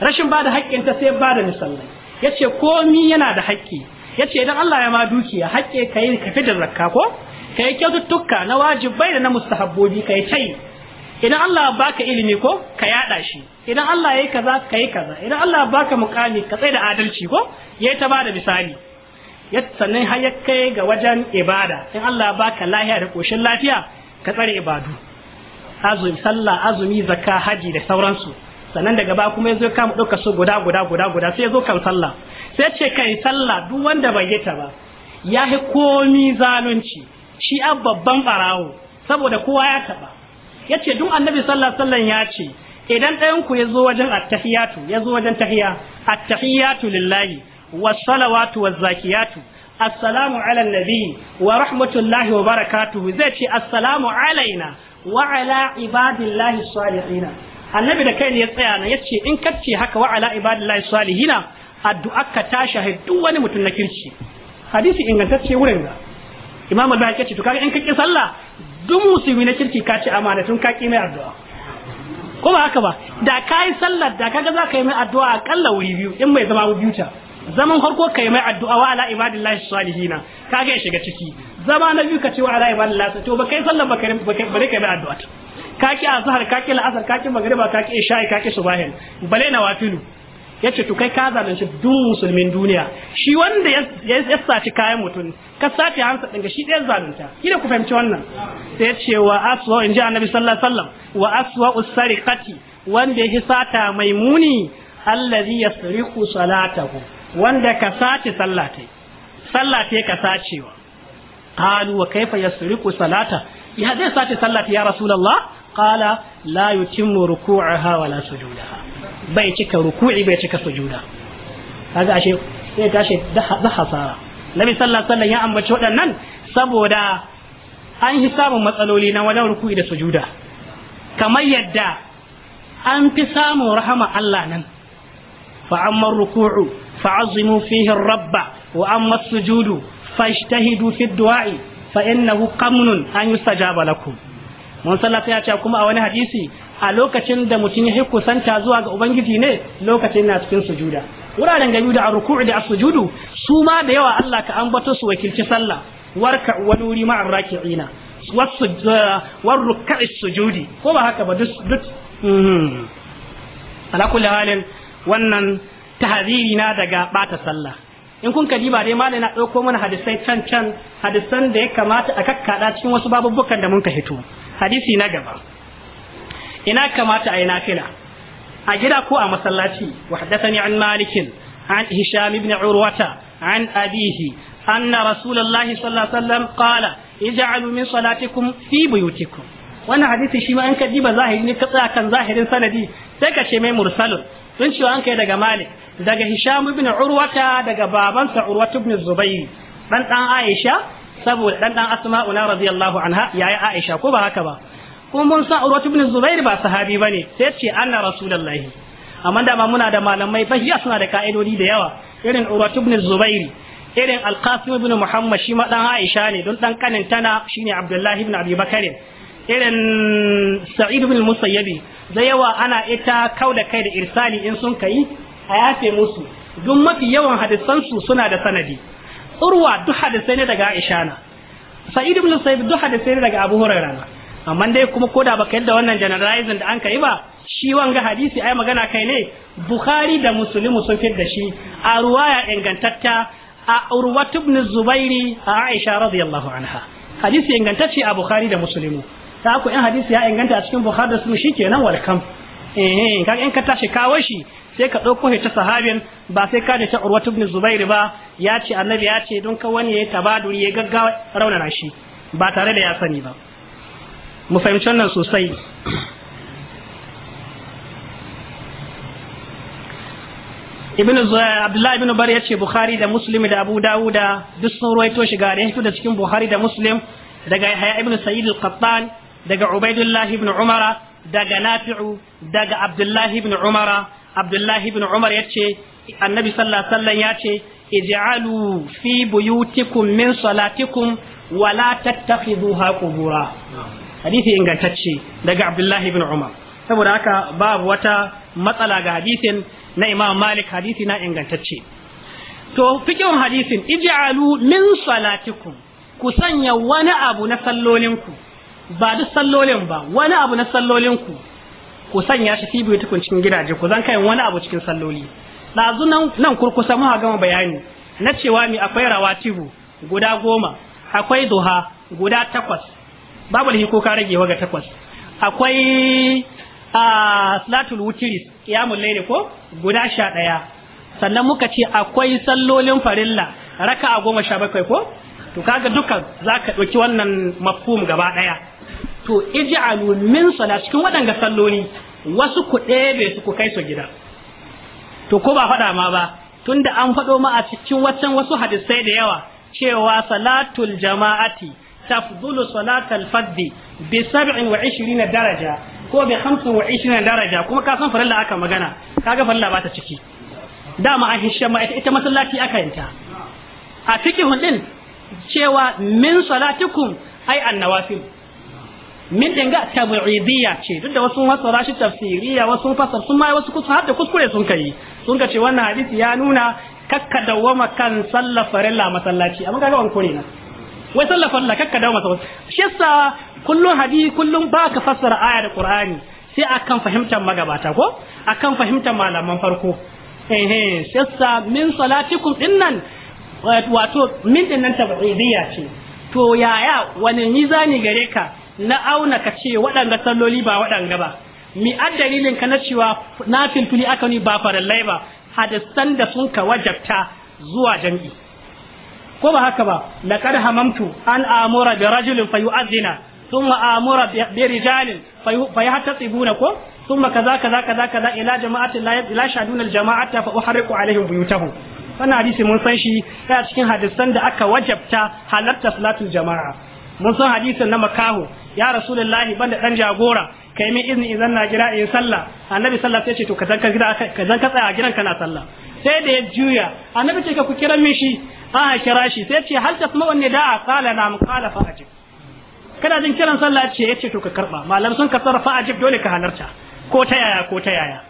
rashin bada haƙƙinta sai da misalai yace komi yana da haƙƙi Ya ce idan Allah ya ma dukiya hakke kai ka da zakka ko kai kyaututtuka na wajibai da na mustahabbobi kai tai idan Allah baka ilimi ko ka yada shi idan Allah ya yi kaza kai kaza idan Allah baka mukami ka tsaya da adalci ko yayi ta bada misali sannan har ya kai ga wajen ibada in Allah baka lahiya da koshin lafiya ka tsare ibadu azumi sallah azumi zakka haji da sauransu sannan daga ba kuma yazo kama dauka su guda guda guda guda sai yazo kan sallah sai ce kai sallah duk wanda bai yi ba ya komi zalunci shi a babban barawo saboda kowa ya taba ya ce duk annabi sallah sallan ya ce idan ɗayanku ya zo wajen attahiyatu ya zo wajen tahiya attahiyatu lillahi wa zakiyatu assalamu ala nabi wa rahmatullahi wa barakatuhu zai ce assalamu alaina wa ala ibadillahi salihina annabi da kai ne ya tsaya na yace in kace haka wa ala ibadillahi salihina addu'a ka ta shahid duk wani mutum na kirki hadisi ingantacce wurin ga imam al-bahaqi ce to kaga in ka ki sallah duk musulmi na kirki ka ci amana tun ka ki mai addu'a ko ba haka ba da kai sallar da kaga za ka yi mai addu'a akalla wuri biyu in mai zama biyu ta zaman farko ka yi mai addu'a wa ala ibadillahi salihina kaga ya shiga ciki zama na biyu ka ce wa ala ibadillahi to ba kai sallar ba kai ba kai mai addu'a ta kaki azhar kaki la'asar kaki magriba kaki isha'i kaki subahin bale na wafilu ya ce to kai ka zalunci duk musulmin duniya shi wanda ya saci kayan mutum ka sace hansa din ga shi ɗayan zalunta ki ku fahimci wannan sai ya ce wa aswa in ji annabi sallallahu alaihi wasallam wa aswa usariqati wanda ya sata mai muni allazi yasriqu salatahu wanda ka sace sallata sallatai ka sacewa qalu wa kaifa yasriqu salata ya zai sace sallata ya rasulullah qala la yutimmu ruku'aha wala sujudaha bai cika ruku'i bai cika sujuda kaga ashe sai tashi da hasara nabi sallallahu alaihi wasallam ya ambaci waɗannan saboda an yi samun matsaloli na wajen ruku'i da sujuda kamar yadda an fi samun rahama Allah nan fa amma ruku'u fa azimu fihi rabba wa amma sujudu fashtahidu fi du'a'i fa innahu qamnun an yustajaba lakum mun sallata ya ce kuma a wani hadisi a lokacin da mutum ya santa zuwa ga ubangiji ne lokacin na cikin sujuda wuraren gayu da ruku'u da sujudu su ma da yawa Allah ka ambato su wakilci sallah warka wani wuri ma arraki'ina wasu eh, sujudi ko ba haka ba duk mm-hmm. ala kulli halin wannan tahziri na daga bata sallah in kun kaji ba dai malai na dauko mana hadisai can can hadisan da ya kamata a kakkada cikin wasu babubukan da mun ka hito hadisi na gaba ina kamata a ayi nafila a gida ko a masallaci wa an malikin an hisham ibn urwata an abihi anna rasulullahi sallallahu alaihi wasallam qala ij'alu min salatikum fi buyutikum wannan hadisi shi ma an kaddi ba zahiri ne ka tsaya kan zahirin sanadi sai ka ce mai mursalun sun cewa an kai daga malik daga hisham ibn urwata daga babansa urwata ibn zubayr dan dan aisha saboda dan dan asma'u na radiyallahu anha yayi aisha ko ba haka ba kuma mun sa urwa ibn zubair ba sahabi bane sai ce anna rasulullahi amma da muna da malamai fahiya suna da ka'idodi da yawa irin urwa ibn zubair irin alqasim ibn muhammad shi ma dan aisha ne don dan kanin tana shine abdullahi ibn abi bakarin irin sa'id ibn musayyabi da yawa ana ita kauda kai da irsali in sun kai a yafe musu duk mafi yawan hadisansu suna da sanadi urwa duk hadisai ne daga aisha na sa'id ibn sa'id duk hadisai ne daga abu hurairah na amma dai kuma koda baka yadda wannan generalizing da an kai ba shi wanga hadisi ai magana kai ne bukhari da muslim sun fitar da shi a ruwaya ingantatta a urwat ibn zubairi a aisha radiyallahu anha hadisi ingantacce a bukhari da muslim ta ku in hadisi ya inganta a cikin bukhari da muslim shikenan welcome eh kaga in ka tashi kawo shi sai ka ɗauko ta sahabin ba sai ka ta urwatu ibn Zubairu ba ya ce annabi ya ce don ka wani ya tabaduri ya gaggawa raunana shi ba tare da ya sani ba mu fahimci wannan sosai ibn abdullahi ibn ya yace bukhari da muslim da abu da duk sun ruwaito shi ga da da cikin bukhari da muslim daga yahya ibn sa'id al-qattan daga ubaidullah ibn umara daga nafi'u daga Abdullahi ibn umara abdullahi ibn umar ya ce annabi sallallahu alaihi wasallam ya ce ij'alu fi buyutikum min salatikum wa la tattakhidhuha qubura hadisi ingantacce daga abdullahi ibn umar saboda haka babu wata matsala ga hadisin na imam malik hadisi na ingantacce to fikin hadisin ij'alu min salatikum ku sanya wani abu na sallolinku ba duk sallolin ba wani abu na sallolinku ku sanya shi fi buyutukun cikin gidaje ku zan kai wani abu cikin salloli ɗazu nan nan kurkusa muka gama bayani na cewa mi akwai rawatibu guda goma akwai duha guda takwas babu lahi ko ka rage waga takwas akwai a salatul wutiris qiyamul ne ko guda sha ɗaya sannan muka ce akwai sallolin farilla a goma sha bakwai ko to kaga za ka ɗauki wannan mafhum gaba ɗaya to ij'alu min sala cikin waɗanga salloli wasu ku bai su ku kai su gida to ko ba faɗa ma ba tunda an faɗo ma a cikin waccan wasu hadisai da yawa cewa salatul jama'ati tafdulu salatal faddi bi 27 daraja ko bi 25 daraja kuma ka san farilla aka magana kaga farilla ba ta ciki dama a hishe ma ita masallaci aka yanta a cikin din cewa min salatikum ai annawafil min din ga tabi'idiyya ce duk da wasu masara shi tafsiriya wasu fasar sun ma wasu kusa har da kuskure sun kai sun ka ce wannan hadisi ya nuna kakka wama kan sallar farilla masallaci amma ga wanko ne na wai sallar farilla kakka dawwama masallaci shi yasa kullun hadisi kullun ba ka fassara aya da qur'ani sai akan fahimtar magabata ko akan fahimtar malaman farko eh eh shi yasa min salatikum dinnan wato min dinnan tabi'idiyya ce to yaya wani mizani gare ka na auna ka ce waɗanga salloli ba waɗanga ba mi addalilin ka na cewa na filfili aka ni ba farallai ba hadisan da sun ka wajabta zuwa jam'i ko ba haka ba laqad hamamtu an amura bi rajulin fayu'adhdhina ثم آمر ko, فيحتطبون كو kaza-kaza-kaza ila كذا إلى جماعة لا لا يشهدون الجماعة فأحرق عليهم بيوتهم wannan hadisi mun san shi yana cikin hadisan da aka wajabta halarta salatul jama'a mun san hadisin na makaho ya rasulullahi da dan jagora kai min izini idan na gida in sallah annabi sallah sai ce to ka zan ka gida ka zan ka tsaya gidan kana sallah sai da ya juya annabi ce ka ku kira min shi aha kira shi sai ce hal da a qala na qala fa ajib kana jin kiran sallah ce yace to ka karba malam sun ka sarfa ajib dole ka halarta ko ta yaya ko ta yaya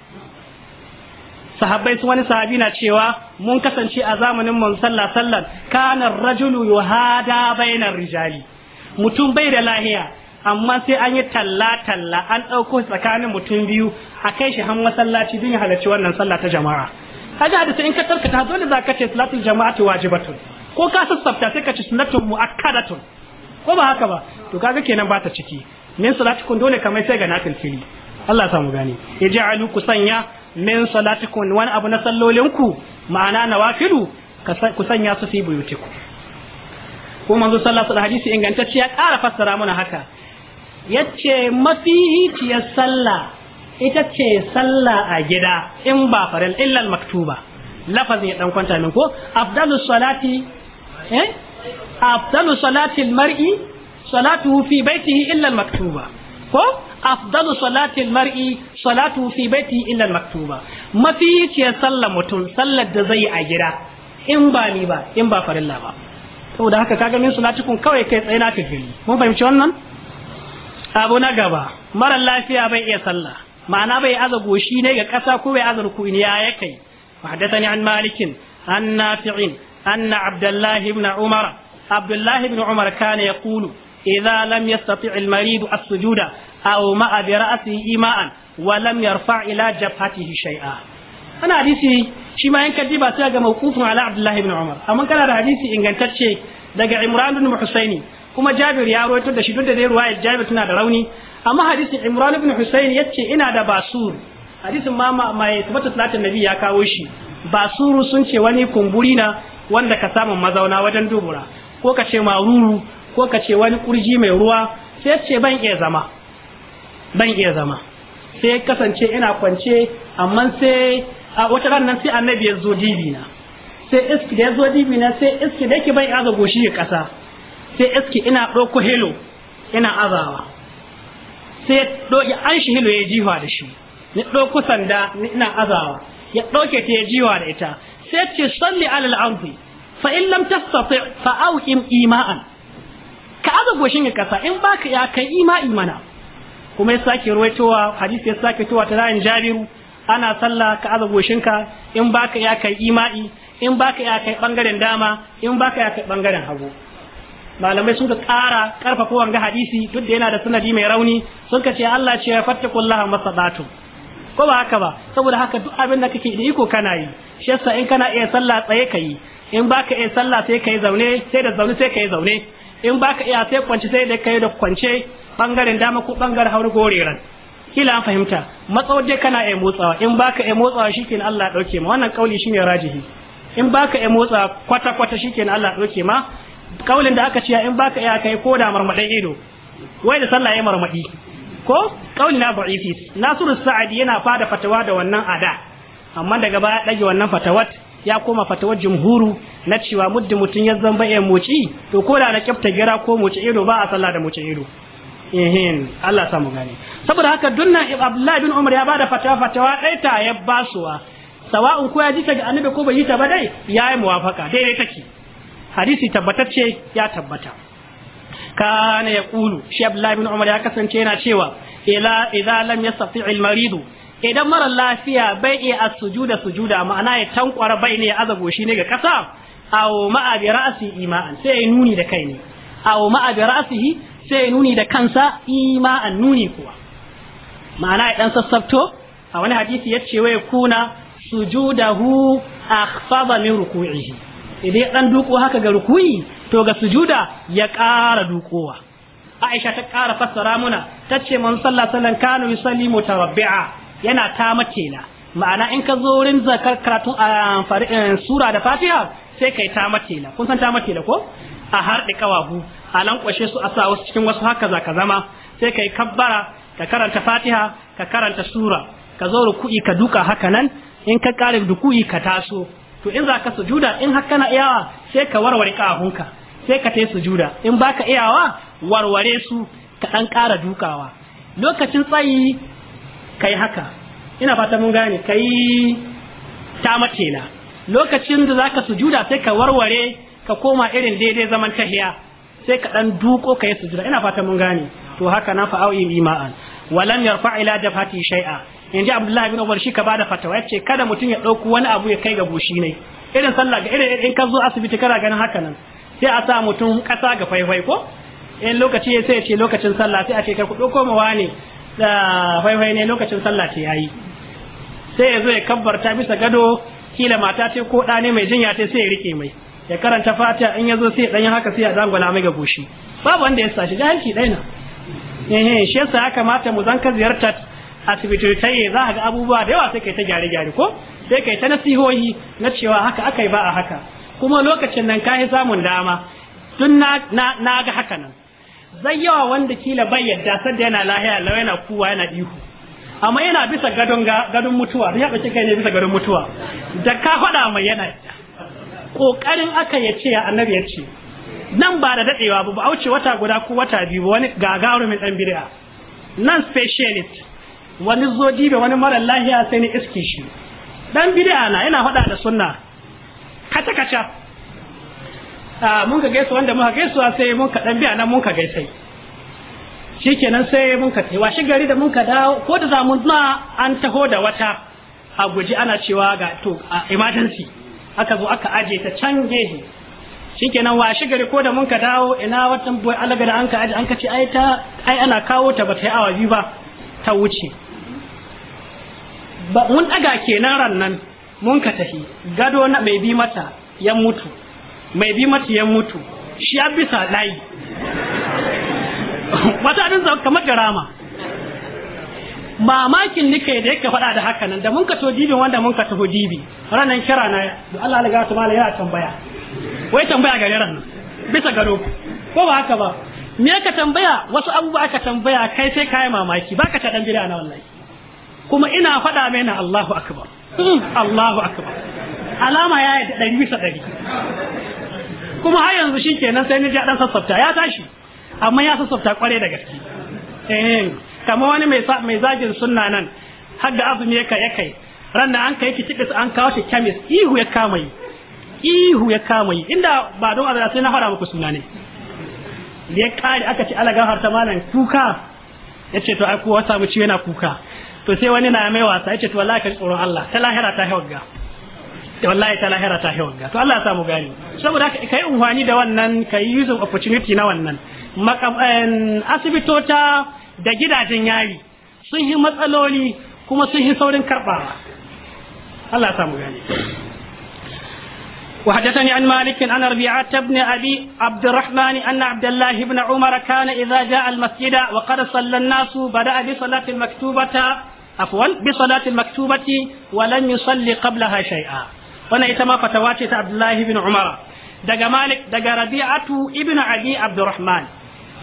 sahabbai su wani sahabi na cewa mun kasance a zamanin mun sallah sallan kana rajulu yuhada bainar rijali mutum bai da lahiya amma sai an yi talla talla an ɗauko tsakanin mutum biyu a kai shi har masallaci don ya halarci wannan sallah ta jama'a ji hadisi in ka tarkata dole za ka ce salatul ta wajibatun ko ka sassafta sai ka mu sunnatun mu'akkadatun ko ba haka ba to kaga kenan ba ta ciki min salatikum dole kamar sai ga nafil fili Allah ya samu gane yaj'alu ku sanya min salatikum wani abu na sallolinku ma'ana nawafilu ku sanya su fi buyutikum ko manzo sallallahu alaihi wasallam hadisi ingantacciya ƙara fassara mana haka yace mafihiciyar sallah ita ce sallah a gida in ba faral illal maktuba lafazin ya dan kwanta min ko afdalu salati eh afdalu salati almar'i salatuhu fi baitihi illa almaktuba ko afdalu salati almar'i salatuhu fi baitihi illa almaktuba mafi ce mutum sallar da zai a gida in ba ni ba in ba farilla ba saboda haka kaga min salatikum kawai kai tsaye na tafi mun fahimci wannan abu na gaba mara lafiya bai iya sallah ma'ana bai azago shi ne ga ƙasa ko ya azurku in ya ya kai wa haddatani an malikin an nafi'in anna abdullahi ibn umar abdullahi ibn umar kana yaqulu idza lam yastati' al marid as sujuda aw ma'a bi ra'sihi ima'an wa lam yarfa' ila jabhatihi shay'a ana hadisi shi ma yanka diba sai ga mawqufun ala abdullahi ibn umar amma kana da hadisi ingantacce daga imran husaini kuma jabir ya rawaito da shi duk da dai ruwayar jabir tana da rauni amma hadisin imran ibn husayn yace ina da basur hadisin ma mai tabbata talatin nabi ya kawo shi basuru sun ce wani kumburi na wanda ka samu mazauna wajen dubura ko ka ce maruru ko ka ce wani kurji mai ruwa sai ce ban iya zama ban iya zama sai kasance ina kwance amma sai a wata ran nan sai annabi ya zo dibi na sai iski da ya zo dibi sai iski da yake ban iya ga goshi ya kasa sai iski ina ɗauko hilo ina azawa sai ɗauki an shi hilo ya jiwa da shi ya ɗauko sanda ina azawa ya ɗauke ta ya jiwa da ita sai ce salli alal ardi fa in lam tastati fa awqim ima'an ka aza goshin ka kasa in baka ya kai ima'i mana kuma ya sake ruwaitowa hadisi ya sake towa ta rayin jabiru ana sallah ka aza goshin ka in baka ya kai ima'i in baka ya kai bangaren dama in baka ya kai bangaren hagu malamai sun ka ƙara ƙarfafa wanga hadisi duk da yana da sanadi mai rauni sun ka ce Allah ce ya kullaha masabatu ko ba haka ba saboda haka duk abin da kake da iko kana yi shi yasa in kana iya sallah tsaye ka in baka iya sallah sai ka zaune sai da zaune sai ka zaune in baka iya sai kwance sai da ka da kwance bangaren dama ko bangaren hauri goreran kila an fahimta matsawar dai kana iya motsawa in baka iya motsawa shikenan Allah ya dauke ma wannan kauli shine rajihi in baka iya motsa kwata kwata shikenan Allah ya dauke ma kaulin da aka ce in baka iya kai ko da marmadan ido wai da sallah ya marmadi ko kauli na ba'ifi nasiru sa'adi yana fada fatawa da wannan ada amma daga baya dage wannan fatawat ya koma fatawar jumhuru na cewa muddin mutum ya zamba ya moci to ko da na kyafta gira ko moci ido ba a sallah da moci ido ehin Allah ya samu gane saboda haka dunna Abdullahi bin Umar ya bada fatawa fatawa dai ta ya basuwa sawa'un ko ya ji ta ga annabi ko bai yi ta ba dai yayi muwafaka dai dai take hadisi tabbatacce ya tabbata kana ya kulu shi abdullahi bin umar ya kasance yana cewa ila idza lam yastati al marid idan mara lafiya bai iya a sujuda sujuda ma'ana ya tankwara bai ne ya azago shi ne ga kasa aw ma'a bi ra'si ima'an sai ya nuni da kai ne aw ma'a bi ra'sihi sai ya nuni da kansa ima'an nuni kuwa ma'ana ya dan sassabto a wani hadisi ya yace wai kuna sujudahu akhfada min ruku'ihi idan ya dan duko haka ga rukuyi to ga sujuda ya ƙara dukowa Aisha ta ƙara fassara muna tace man sallallahu alaihi wasallam kanu yusalli mutarabbi'a yana ta mace na ma'ana in ka zo wurin zakar karatu a eh, sura da Fatiha sai kai ta mace na kun san ta mace na ko a harɗe kawagu a lankwashe su a sa wasu cikin wasu haka za ka zama sai kai kabbara ka karanta Fatiha ka karanta sura ka zo ruku'i ka duka haka nan in ka ƙara ruku'i ka taso to in za ka sujuda in har kana iyawa sai ka warware kahunka sai ka tai sujuda in baka iyawa warware su ka dan ƙara dukawa lokacin tsayi kai haka ina fata mun gane kai ta mace na lokacin da zaka sujuda sai ka warware ka koma irin daidai zaman tahiya sai ka dan duko kai sujuda ina fata mun gane to haka na fa'a'u ima'an walam yarfa ila jafati shay'a in ji abdullahi bin umar shi ka bada fatawa ya kada mutum ya dauko wani abu ya kai ga goshi ne irin sallah ga irin in ka zo asibiti kana ganin haka nan sai a sa mutum kasa ga faifai ko in lokaci ya sai ce lokacin sallah sai a ce ku dauko ne da faifai ne lokacin sallah ta yayi sai ya zo ya kabbarta bisa gado kila mata ce ko da ne mai jinya ta sai ya rike mai ya karanta fatiha in ya zo sai ya ɗanyi haka sai ya dangwala mai ga goshi babu wanda ya sashi jahilci ɗaya na shi yasa ya kamata mu zanka ziyartar asibitocai za ga abubuwa da yawa sai kai ta gyare-gyare ko sai kai ta nasihohi na cewa haka aka yi ba a haka kuma lokacin nan ka yi samun dama tun na ga haka nan zai yawa wanda kila bai yadda sadda yana lahiya lau yana kuwa yana ihu amma yana bisa gadon gadon mutuwa ya bace kai ne bisa gadon mutuwa da ka faɗa mai yana kokarin aka ya ce annabi ya ce nan ba da dadewa ba ba a wata guda ko wata biyu wani gagarumin dan bid'a nan specialist wani zo da wani mara lahiya sai ni iske shi dan bid'a na yana faɗa da sunna kaca kaca a ah, mun ka gaisuwa wanda muka gaisuwa sai mun ka dan biya nan mun ka gaisai shikenan sai mun ka tewa shi gari da mun ka dawo ko da za mu zuwa an taho da wata a guji ana cewa ga to emergency aka zo aka aje ta can gehe shikenan wa shi gari ko da mun ka dawo ina watan boy alaga da an ka aje an ka ce ai ta ai ana kawo ta bata yi awa biyu ba ta wuce mun daga kenan ran nan mun ka tafi gado na mai bi mata ya mutu mai bi mata ya mutu shi ya bisa layi wata <laughs> abin zaka kamar garama mamakin nike da yake faɗa da haka nan da mun ka to dibi wanda mun ka taho dibi ranan kira na da Allah ya gata mala yana tambaya wai tambaya gare ran bisa gado ko ba haka ba me ka tambaya wasu abubuwa ka tambaya kai sai kai mamaki baka ta dan bid'a na wallahi kuma ina faɗa mai na Allahu akbar hmm. Allahu akbar alama ya yi ɗari bisa ɗari kuma har yanzu shi kenan sai ni ji ɗan sassafta ya tashi amma ya sassafta kware da gaske eh kama wani mai mai zagin sunna nan har da azumi ya kai ya kai ran da an kai ki tibis an kawo shi ihu ya kama yi ihu ya kama yi inda ba don azara sai na fara muku suna ne da ya kare aka ci alagan ta malam kuka ya ce to ai kowa samu ci yana kuka to sai wani na mai wasa yace to wallahi ka tsoron Allah ta lahira ta hawga to wallahi ta lahira ta hawga to Allah ya samu gani saboda haka kai unhwani da wannan kai using opportunity na wannan asibitota da gidajen yari sun yi matsaloli kuma sun yi saurin karɓa Allah samu gani وحدثني عن مالك عن ربيعة بن أبي عبد الرحمن أن عبد الله بن عمر كان إذا جاء المسجد وقد صلى الناس بدأ بصلاة المكتوبة afwan bi salatil maktubati wa lam yusalli qablaha shay'a wannan ita ma fatawa ce ta Abdullahi ibn Umar daga Malik daga Rabi'atu ibn Abi Abdurrahman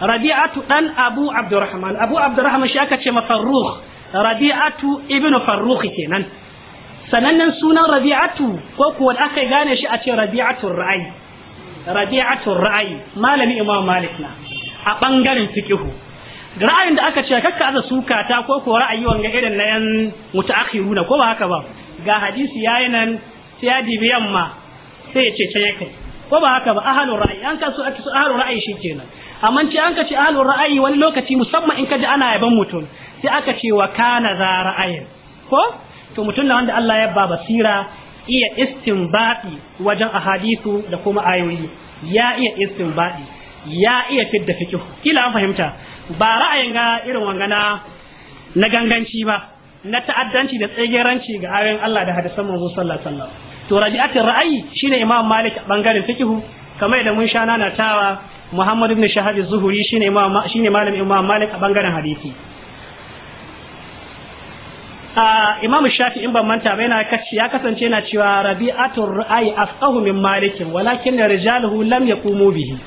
Rabi'atu dan Abu Abdurrahman Abu Abdurrahman shi aka ce mafarruh Rabi'atu ibn faruk kenan sanannen sunan Rabi'atu ko kuwa aka gane shi a ce Rabi'atul ra'ayi Rabi'atul Ra'i malami Imam Malik na a bangaren fiqhu ra'ayin da aka ce kakka aza suka ta ko ko ra'ayi wanga irin na yan mutaakhiruna ko ba haka ba ga hadisi yayin nan sai ya dibi yamma sai ya ce can ya kai ko ba haka ba ahalul ra'ayi an ka so ake so ahalul ra'ayi shikenan amma ce an ka ce ahalul ra'ayi wani lokaci musamman in ka ji ana yaban mutum sai aka ce wa kana za ra'ayin ko to mutum na wanda Allah ya ba basira iya istinbadi wajen ahadisu da kuma ayoyi ya iya istinbadi ya iya fidda fikihu kila an fahimta ba ra'ayin ga irin wangana na ganganci ba na ta'addanci da tsegeranci ga ayoyin Allah da hadisan manzo sallallahu alaihi wasallam to rabi'atul ra'ayi shine imam malik bangaren fikihu kamar da mun sha nana tawa muhammad ibn shahab zuhuri shine imam shine malamin imam malik a bangaren hadisi a imam shafi in ban manta bai na kace ya kasance yana cewa rabi'atul ra'ayi afqahu min malikin walakin rijaluhu lam yaqumu bihi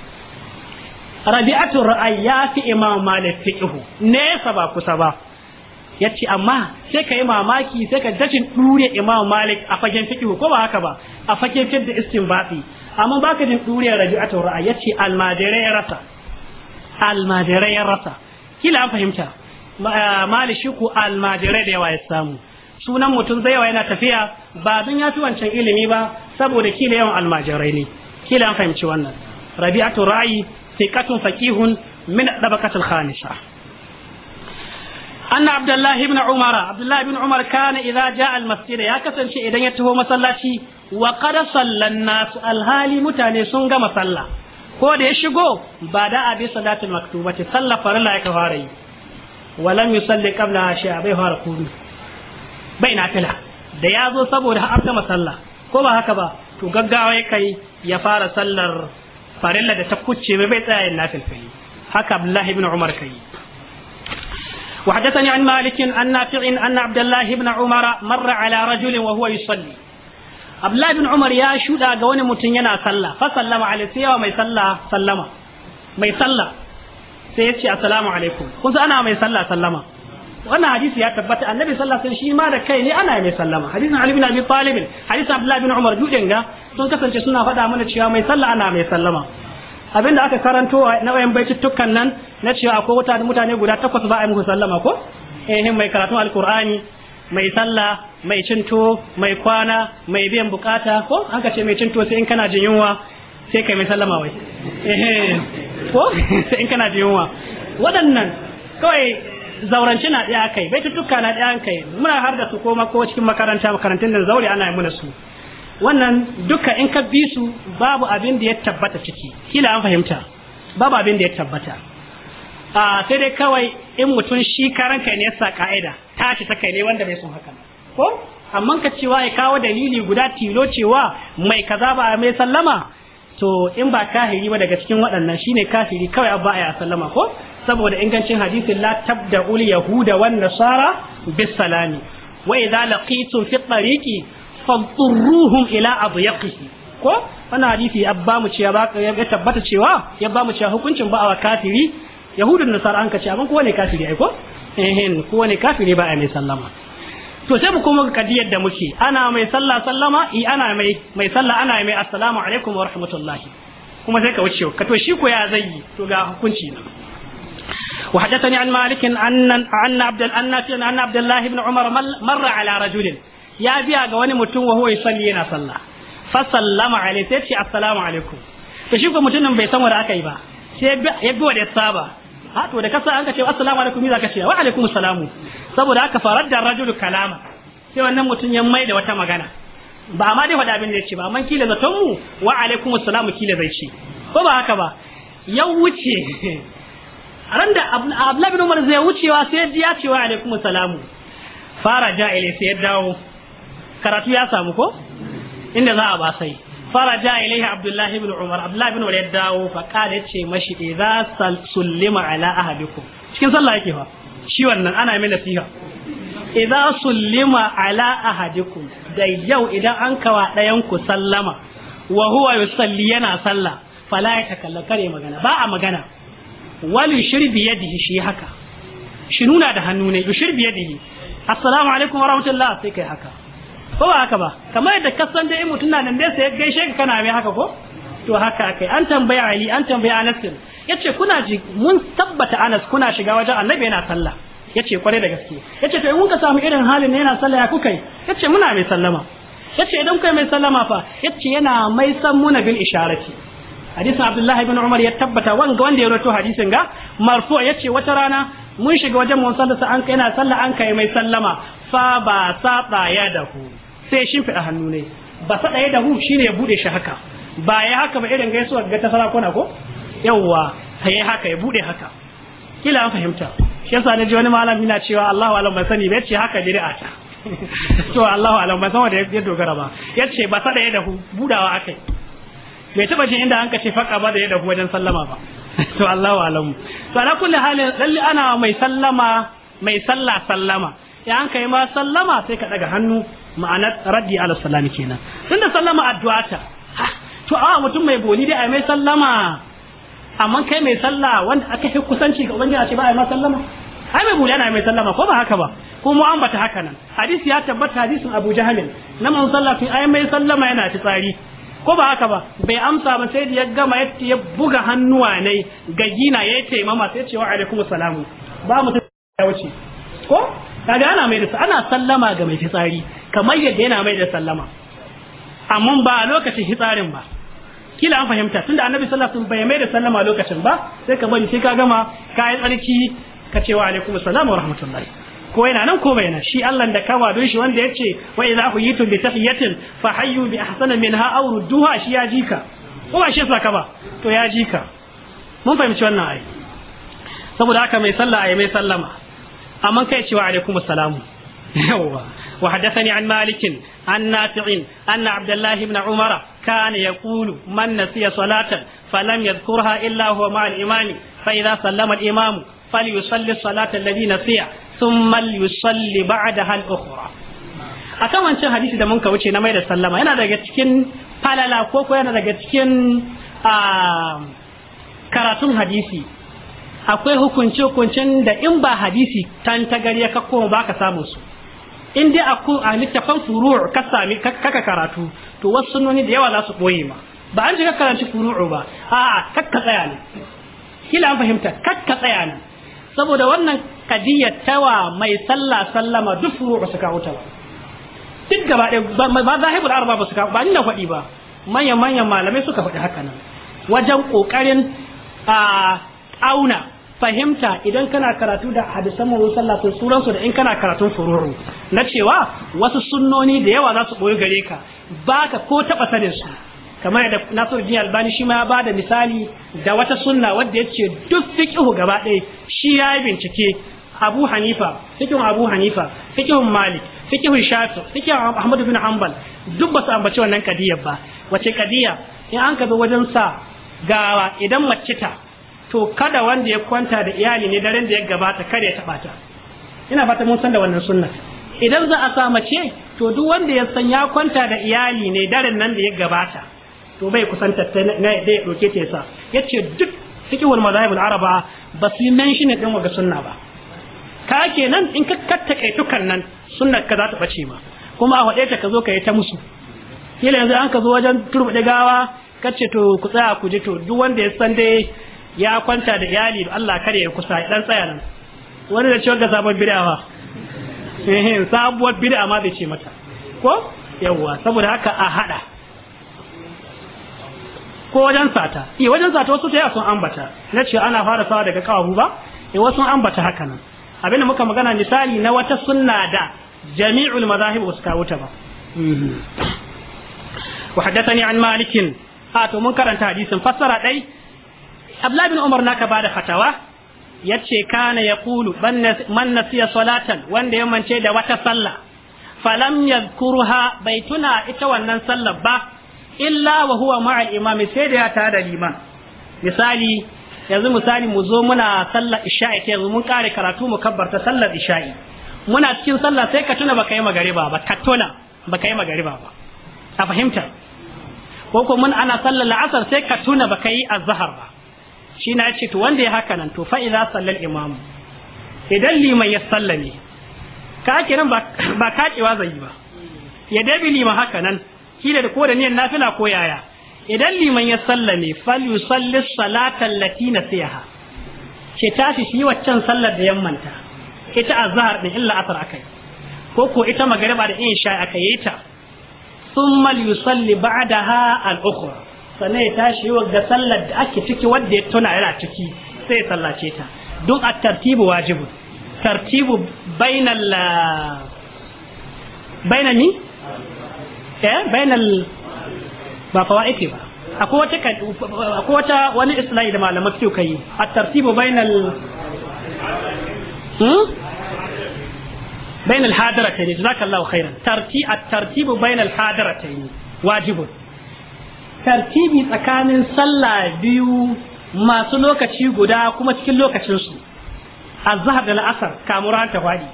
rabi'atu ra'ay ya fi imam malik fiqhu nesa ba kusa ba yace amma sai ka yi mamaki sai ka dace dure imam malik a fagen fiqhu ko ba haka ba a fagen da istinbati amma baka jin dure rabi'atu ra'ay yace almajirai rasa almajirai rasa kila an fahimta eh, malik shi ku almajirai da yawa ya samu sunan mutum zai yana tafiya ba don ya fi wancan ilimi ba saboda kila yawan almajirai ne kila an fahimci wannan rabi'atu ra'ayi ثقة فقيه من الطبقة الخامسة أن عبد الله بن عمر عبد الله بن عمر كان إذا جاء المسجد يا كسن شيء إذا يتهو مسلاتي وقد صلى الناس الهالي متاني سنغ ko da ya shigo ba da abi salatul maktubati sallah farilla ya fila da ya zo saboda hafta masalla ko ba haka ba to gaggawa kai ya fara sallar farilla da ta kucce bai bai tsaya yin nafilfili haka abdullahi ibn umar kai وحدثني عن مالك عن نافع أن عبد الله بن عمر مر على رجل وهو يصلي عبد الله بن عمر يا yana sallah fa sallama alaihi mai sallah wannan hadisi ya tabbata annabi sallallahu alaihi wasallam shi ma da kai ne ana mai sallama hadisin ali bin abi talib hadisin abdullahi bin umar juden ga sun kasance suna faɗa mana cewa mai salla ana mai sallama abinda aka karanto na wayan tukkan nan na cewa akwai wata mutane guda takwas ba a yi musu sallama ko eh mai karatun alqur'ani mai salla mai cinto mai kwana mai biyan bukata ko an ce mai cinto sai in kana jin yunwa sai kai mai sallama wai eh ko <laughs> sai in kana jin yunwa waɗannan kawai zaurance na ɗaya kai baitutuka na ɗaya kai muna har da su koma ko cikin makaranta makarantun da zaure ana yi muna su wannan duka in ka bi su babu abin da ya tabbata ciki kila an fahimta babu abin da ya tabbata a sai dai kawai in mutum shi karan kai ne ya sa ka'ida ta ce ta kai ne wanda bai son haka ko amma ka cewa ya kawo dalili guda tilo cewa mai kaza ba mai sallama to in ba kahiri ba daga cikin waɗannan shine kafiri kawai abba ya sallama ko saboda ingancin hadisin la tabda tabda'ul yahuda wan nasara bis salami wa idza laqitum fi tariqi fadurruhum ila adyaqihi ko wannan hadisi ya ba mu cewa ba ya tabbata cewa ya ba mu cewa hukuncin ba wa kafiri yahudun nasara an ka ce abin kowa ne kafiri ai ko ehin kowa wani kafiri ba a mai sallama to sai mu koma ga kadiyar da muke ana mai sallah sallama i ana mai mai sallah ana mai assalamu alaikum wa rahmatullahi kuma sai ka wuce ka to shi ko ya zai to ga hukunci na وحدثني عن مالك أن أن عبد أن أن عبد الله بن عمر مر على رجل يا بيا غوني متون وهو يصلي ينا صلى فسلم عليه تيتي السلام عليكم to shi ko mutumin bai san wanda aka yi ba sai ya bi wanda ya saba ha to da kasa an ka ce assalamu alaikum za ka wa saboda aka farar da kalama sai wannan mutum ya mai da wata magana ba ma dai faɗa abin da ya ce ba man kila zaton mu wa alaikum assalamu kila zai ce ko ba haka ba ya wuce ran da Abdullahi bin Umar zai wucewa sai ya ce wa alaikum salamu fara ja'ile sai ya dawo karatu ya samu ko inda za a ba sai fara ja'ile Abdullahi bin Umar Abdullahi Umar ya dawo fa kada ya ce mashi idza sallima ala ahadikum cikin sallah yake fa shi wannan ana mai nasiha idza sallima ala ahadikum da yau idan an kawa dayan ku sallama wa huwa yusalli yana sallah fala ya takallakare magana ba a magana wali shirbi yadihi shi haka shi nuna da hannu ne yushirbi yadihi assalamu alaikum warahmatullah sai kai haka ko ba haka ba kamar yadda kasan da in mutum na nan dai sai gaishe ka kana mai haka ko to haka akai an tambaya ali an tambaya anas yace kuna ji mun tabbata anas kuna shiga wajen annabi yana sallah yace kware da gaske yace to in kun ka samu irin halin yana sallah ya kuka yace muna mai sallama yace idan kai mai sallama fa yace yana mai san muna bil isharati hadisin abdullahi bin umar ya tabbata wanga wanda ya rawaito hadisin ga marfu ce wata rana mun shiga wajen mun sa an kai na sallah an kai mai sallama fa ba sa ya da hu sai shin fi hannu ne ba sa ya da hu shine ya bude shi haka ba ya haka ba irin gaisu ga ta sarakuna ko yawwa sai haka ya bude haka kila an fahimta shi yasa naji wani malami na cewa Allahu alam ban sani bai ce haka bid'a ta <laughs> to Allahu alam ban san wanda ya dogara ba yace ba sa ya da hu budawa akai bai taba jin inda an kace faka ba da ya dafu wajen sallama ba <laughs> to Allah wa alamu to ala kulli halin lalle ana mai sallama mai sallah sallama ya an kai ma sallama sai ka daga hannu ma'anar raddi ala sallami kenan tunda sallama addu'a ta to a mutum mai boli dai a mai sallama amma kai mai salla wanda aka fi kusanci ga ubangiji a ce ba a ma sallama ai mai boli ana mai sallama ko ba haka ba ko mu ambata haka nan hadisi ya tabbata hadisin Abu Jahal na man sallafi ai mai sallama yana fitsari ko ba haka ba bai amsa ba sai da ya gama ya buga hannuwa ne ga gina ya ce mama sai cewa alaikum salamu ba mutum ya wuce ko kaga ana mai da ana sallama ga mai fitsari kamar yadda yana mai da sallama amma ba a lokacin fitsarin ba kila an fahimta tunda annabi sallallahu alaihi wasallam bai mai da sallama lokacin ba sai ka bari sai ka gama kayan tsarki ka ce wa alaikum salam wa rahmatullahi ko yana nan ko bai nan shi Allah da kawa don shi wanda yace wa idza huyitum bi tahiyatin fa hayyu bi ahsana minha aw rudduha shi ya jika ko ba shi saka ba to ya jika mun fahimci wannan ai saboda haka mai sallah ai mai sallama amma kai cewa alaikum assalamu yawa وحدثني عن مالك عن نافع أن عبد الله بن عمر كان يقول من نسي صلاة فلم يذكرها إلا هو مع الإمام فإذا سلم الإمام فليصلي الصلاة الذي نسيها ثم يصلي بعدها A akan wancan hadisi da mun ka wuce na mai da sallama yana daga cikin falala ko ko yana daga cikin karatun hadisi akwai hukunce hukuncin da in ba hadisi tan ta gari ka koma ba ka samu su in dai a littafan furu' ka sami kaka karatu to wasu sunnoni da yawa za su boye ma ba an shiga karanci furu'u ba a'a kakka tsaya ne kila an fahimta kakka tsaya ne saboda wannan kadiya tawa mai sallah sallama duk furu su kawo ta ba duk gaba ɗaya ba zahibul arba ba su kawo ba ni faɗi ba manyan manyan malamai suka faɗi haka nan wajen ƙoƙarin a auna fahimta idan kana karatu da hadisan mu sallatu suran su da in kana karatun fururu na cewa wasu sunnoni da yawa za su boye gare ka baka ko taba sanin su kamar da jini Albani shi ma ya bada misali da wata sunna wadda ya ce duk fiqhu gaba ɗaya shi ya yi bincike Abu Hanifa fiqhun Abu Hanifa fiqhun Malik fiqhun Shafi fiqhun Ahmad bin Hanbal duk ba su ambaci wannan kadiyar ba wace kadiya in an wajen sa gawa idan mace ta to kada wanda ya kwanta da iyali ne daren da ya gabata kada ya taɓa ta ina fata mun san da wannan sunna idan za a sa mace to duk wanda ya san ya kwanta da iyali ne daren nan da ya gabata to bai kusanta ta na da ya doke ta yasa ce duk fiqhul mazahibul araba ba su yi shi din wa sunna ba ka nan in ka kattake tukan nan suna ka za ta bace ma kuma a hade ta ka zo ka yi ta musu kila yanzu an ka zo wajen turbude gawa ka ce to ku tsaya ku ji to duk wanda ya san dai ya kwanta da iyali da Allah kare ya kusa dan tsaya nan wani da ce ga sabon bid'a <laughs> eh sabuwar bid'a ma bai ce mata ko yawa saboda haka a hada ko wajen sata eh wajen sata wasu a sun ambata na ce ana fara sawa daga kawahu ba eh wasu ambata haka nan abinda muka magana misali na wata sunna da jami'ul mazahib wasu kawo ta ba mhm. wa haddathani an malikin a ah, to mun karanta hadisin fassara dai Abdullah bin Umar naka bada fatawa yace kana yaqulu man nasiya salatan wanda ya mance da wata sallah falam yadhkuruha bai tuna ita wannan sallar ba illa wa huwa ma'a imami sai da ya tare da liman misali yanzu misali mu zo muna sallar isha'i ta yanzu mun kare karatu mu kabbarta sallar isha'i muna cikin sallah sai ka tuna baka yi magariba ba ka tuna baka yi magariba ba a fahimta ko ko mun ana sallar la'asar sai ka tuna baka yi azhar ba shi na ce to wanda ya haka nan to fa idza sallal imam idan liman ya sallame ka kiran ba ba kacewa zai yi ba ya dabi liman haka nan kila da ko da niyan nafila ko yaya idan liman ya sallame falyusalli salatan lati nasiha ke tashi shi waccan sallar da yammanta ita azhar din illa asar akai ko ko ita magariba da insha akai yi ta thumma yusalli ba'daha al-ukhra sannan ya tashi wa ga sallar da ake ciki wanda ya tuna yana ciki sai ya sallace ta duk a tartibu wajibu tartibu bainal bainani eh bainal ba fawaiti ba akwai wata wata wani islahi da malaman fiqh kai a tartibu bainal hmm bain al-hadaratayn jazakallahu khairan tarti at-tartibu bain al-hadaratayn wajibu tartibi tsakanin sallah biyu masu lokaci guda kuma cikin lokacinsu azhar da la'asar kamu ran tawadi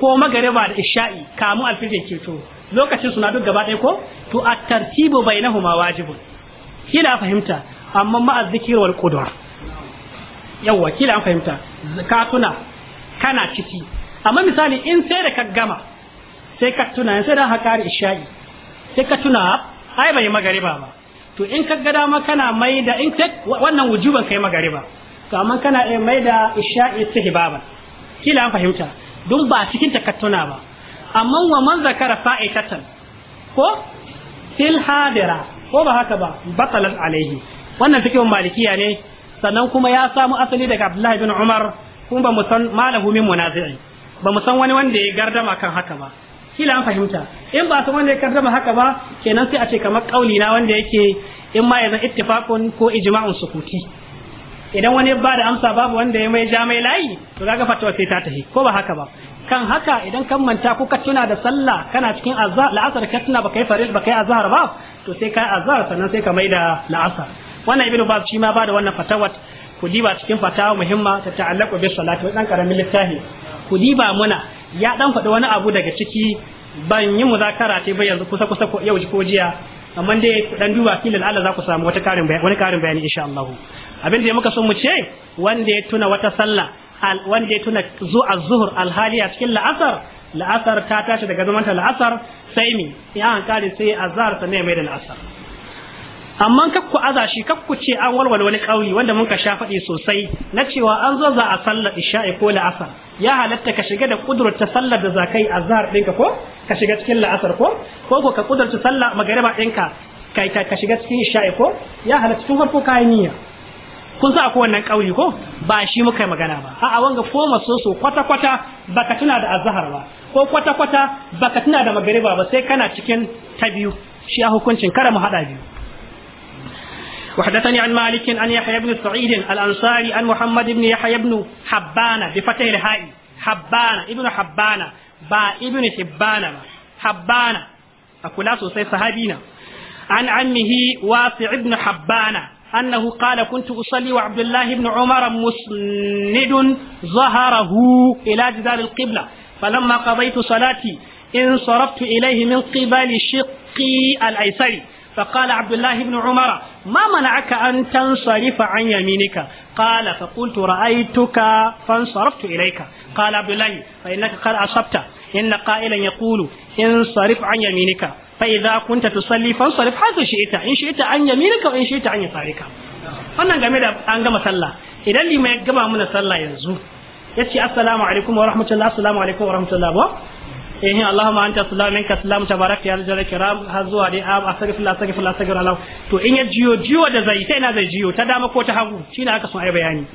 ko magariba da isha'i kamu alfijir ceto lokacin suna duk gaba ɗaya ko to a tartibu huma wajibin. kila fahimta amma ma zikir wal qudwa yawa kila an fahimta zakatuna kana ciki amma misali in sai da ka gama sai ka tuna sai da haƙari isha'i sai ka tuna ai bai magariba ba to in ka ga ma kana mai da in sai wannan wujuban kai magariba to amma kana mai da isha'i sai hibaba kila an fahimta dun ba cikin takattuna ba amma wa man zakara fa'itatan ko fil hadira ko ba haka ba batalat alaihi wannan fikihun malikiya ne sannan kuma ya samu asali daga Abdullahi bin Umar kuma ba mu san malahu min munazi'i ba mu san wani wanda ya gardama kan haka ba kila an fahimta in ba san wanda ya gardama haka ba kenan sai a ce kamar kauli na wanda yake in ma yanzu ittifaqun ko ijma'un sukuti idan wani ba da amsa babu wanda ya mai ja mai layi to kaga fatawa sai ta tahi ko ba haka ba kan haka idan kan manta ko ka tuna da sallah kana cikin azhar la'asar ka tuna baka yi faril baka yi azhar ba to sai ka azhar sannan sai ka mai da la'asar wannan ibnu bab shi ma ba da wannan fatawat ku diba cikin fatawa muhimma ta ta'allaqu bi salati dan karamin littafi ku diba muna ya dan faɗi wani abu daga ciki ban yi muzakara ce ba yanzu kusa kusa ko yau ko jiya amma dai ku dan duba filin Allah za ku samu wata karin bayani wani karin bayani insha Allah abin da muka so mu ce wanda ya tuna wata sallah wanda ya tuna zuwa zuhur alhali a cikin la'asar la'asar ta tashi daga zamanta la'asar sai mi ya an kare sai azhar ta ne mai da la'asar amma kakku aza shi kakku ce an walwal wani kauli wanda mun ka sha faɗi sosai na cewa an zo za a sallar isha'i ko la'asar ya halatta ka shiga da ta sallar da zakai azhar ɗinka ko ka shiga cikin la'asar ko ko ka kudurta sallar magariba ɗinka ka shiga cikin isha'i ko ya halatta tun farko kayan niyya kun sa ko wannan kauli ko ba shi muka yi magana ba a'a wanga ko masoso kwata kwata baka tuna da azhar ba ko kwata kwata baka tuna da magariba ba sai kana cikin ta biyu shi a hukuncin kada mu hada biyu وحدثني عن مالك عن يحيى بن سعيد الأنصاري عن محمد بن يحيى بن حبان بفتح الهاء حبان ابن حبان با ابن حبان حبان أقول سوسي صحابينا عن عمه واسع بن حبان أنه قال كنت أصلي وعبد الله بن عمر مسند ظهره إلى جدار القبلة فلما قضيت صلاتي انصرفت إليه من قبل شقي الأيسر فقال عبد الله بن عمر ما منعك أن تنصرف عن يمينك قال فقلت رأيتك فانصرفت إليك قال عبد الله فإنك قد أصبت إن قائلا يقول انصرف عن يمينك fa idza kunta tusalli fansalif hasu shi'ita in shi'ita an yaminika in shi'ita an yasarika wannan game da an gama sallah idan lima ya gama mana sallah yanzu Ya ce assalamu alaikum wa rahmatullahi assalamu alaikum wa rahmatullahi ba. eh Allahumma anta salamu minka salamu tabarak ya aljal kiram har zuwa dai am astaghfirullah astaghfirullah astaghfirullah to in ya jiyo jiyo da zai sai na zai jiyo ta dama ko ta hagu shine aka so ai bayani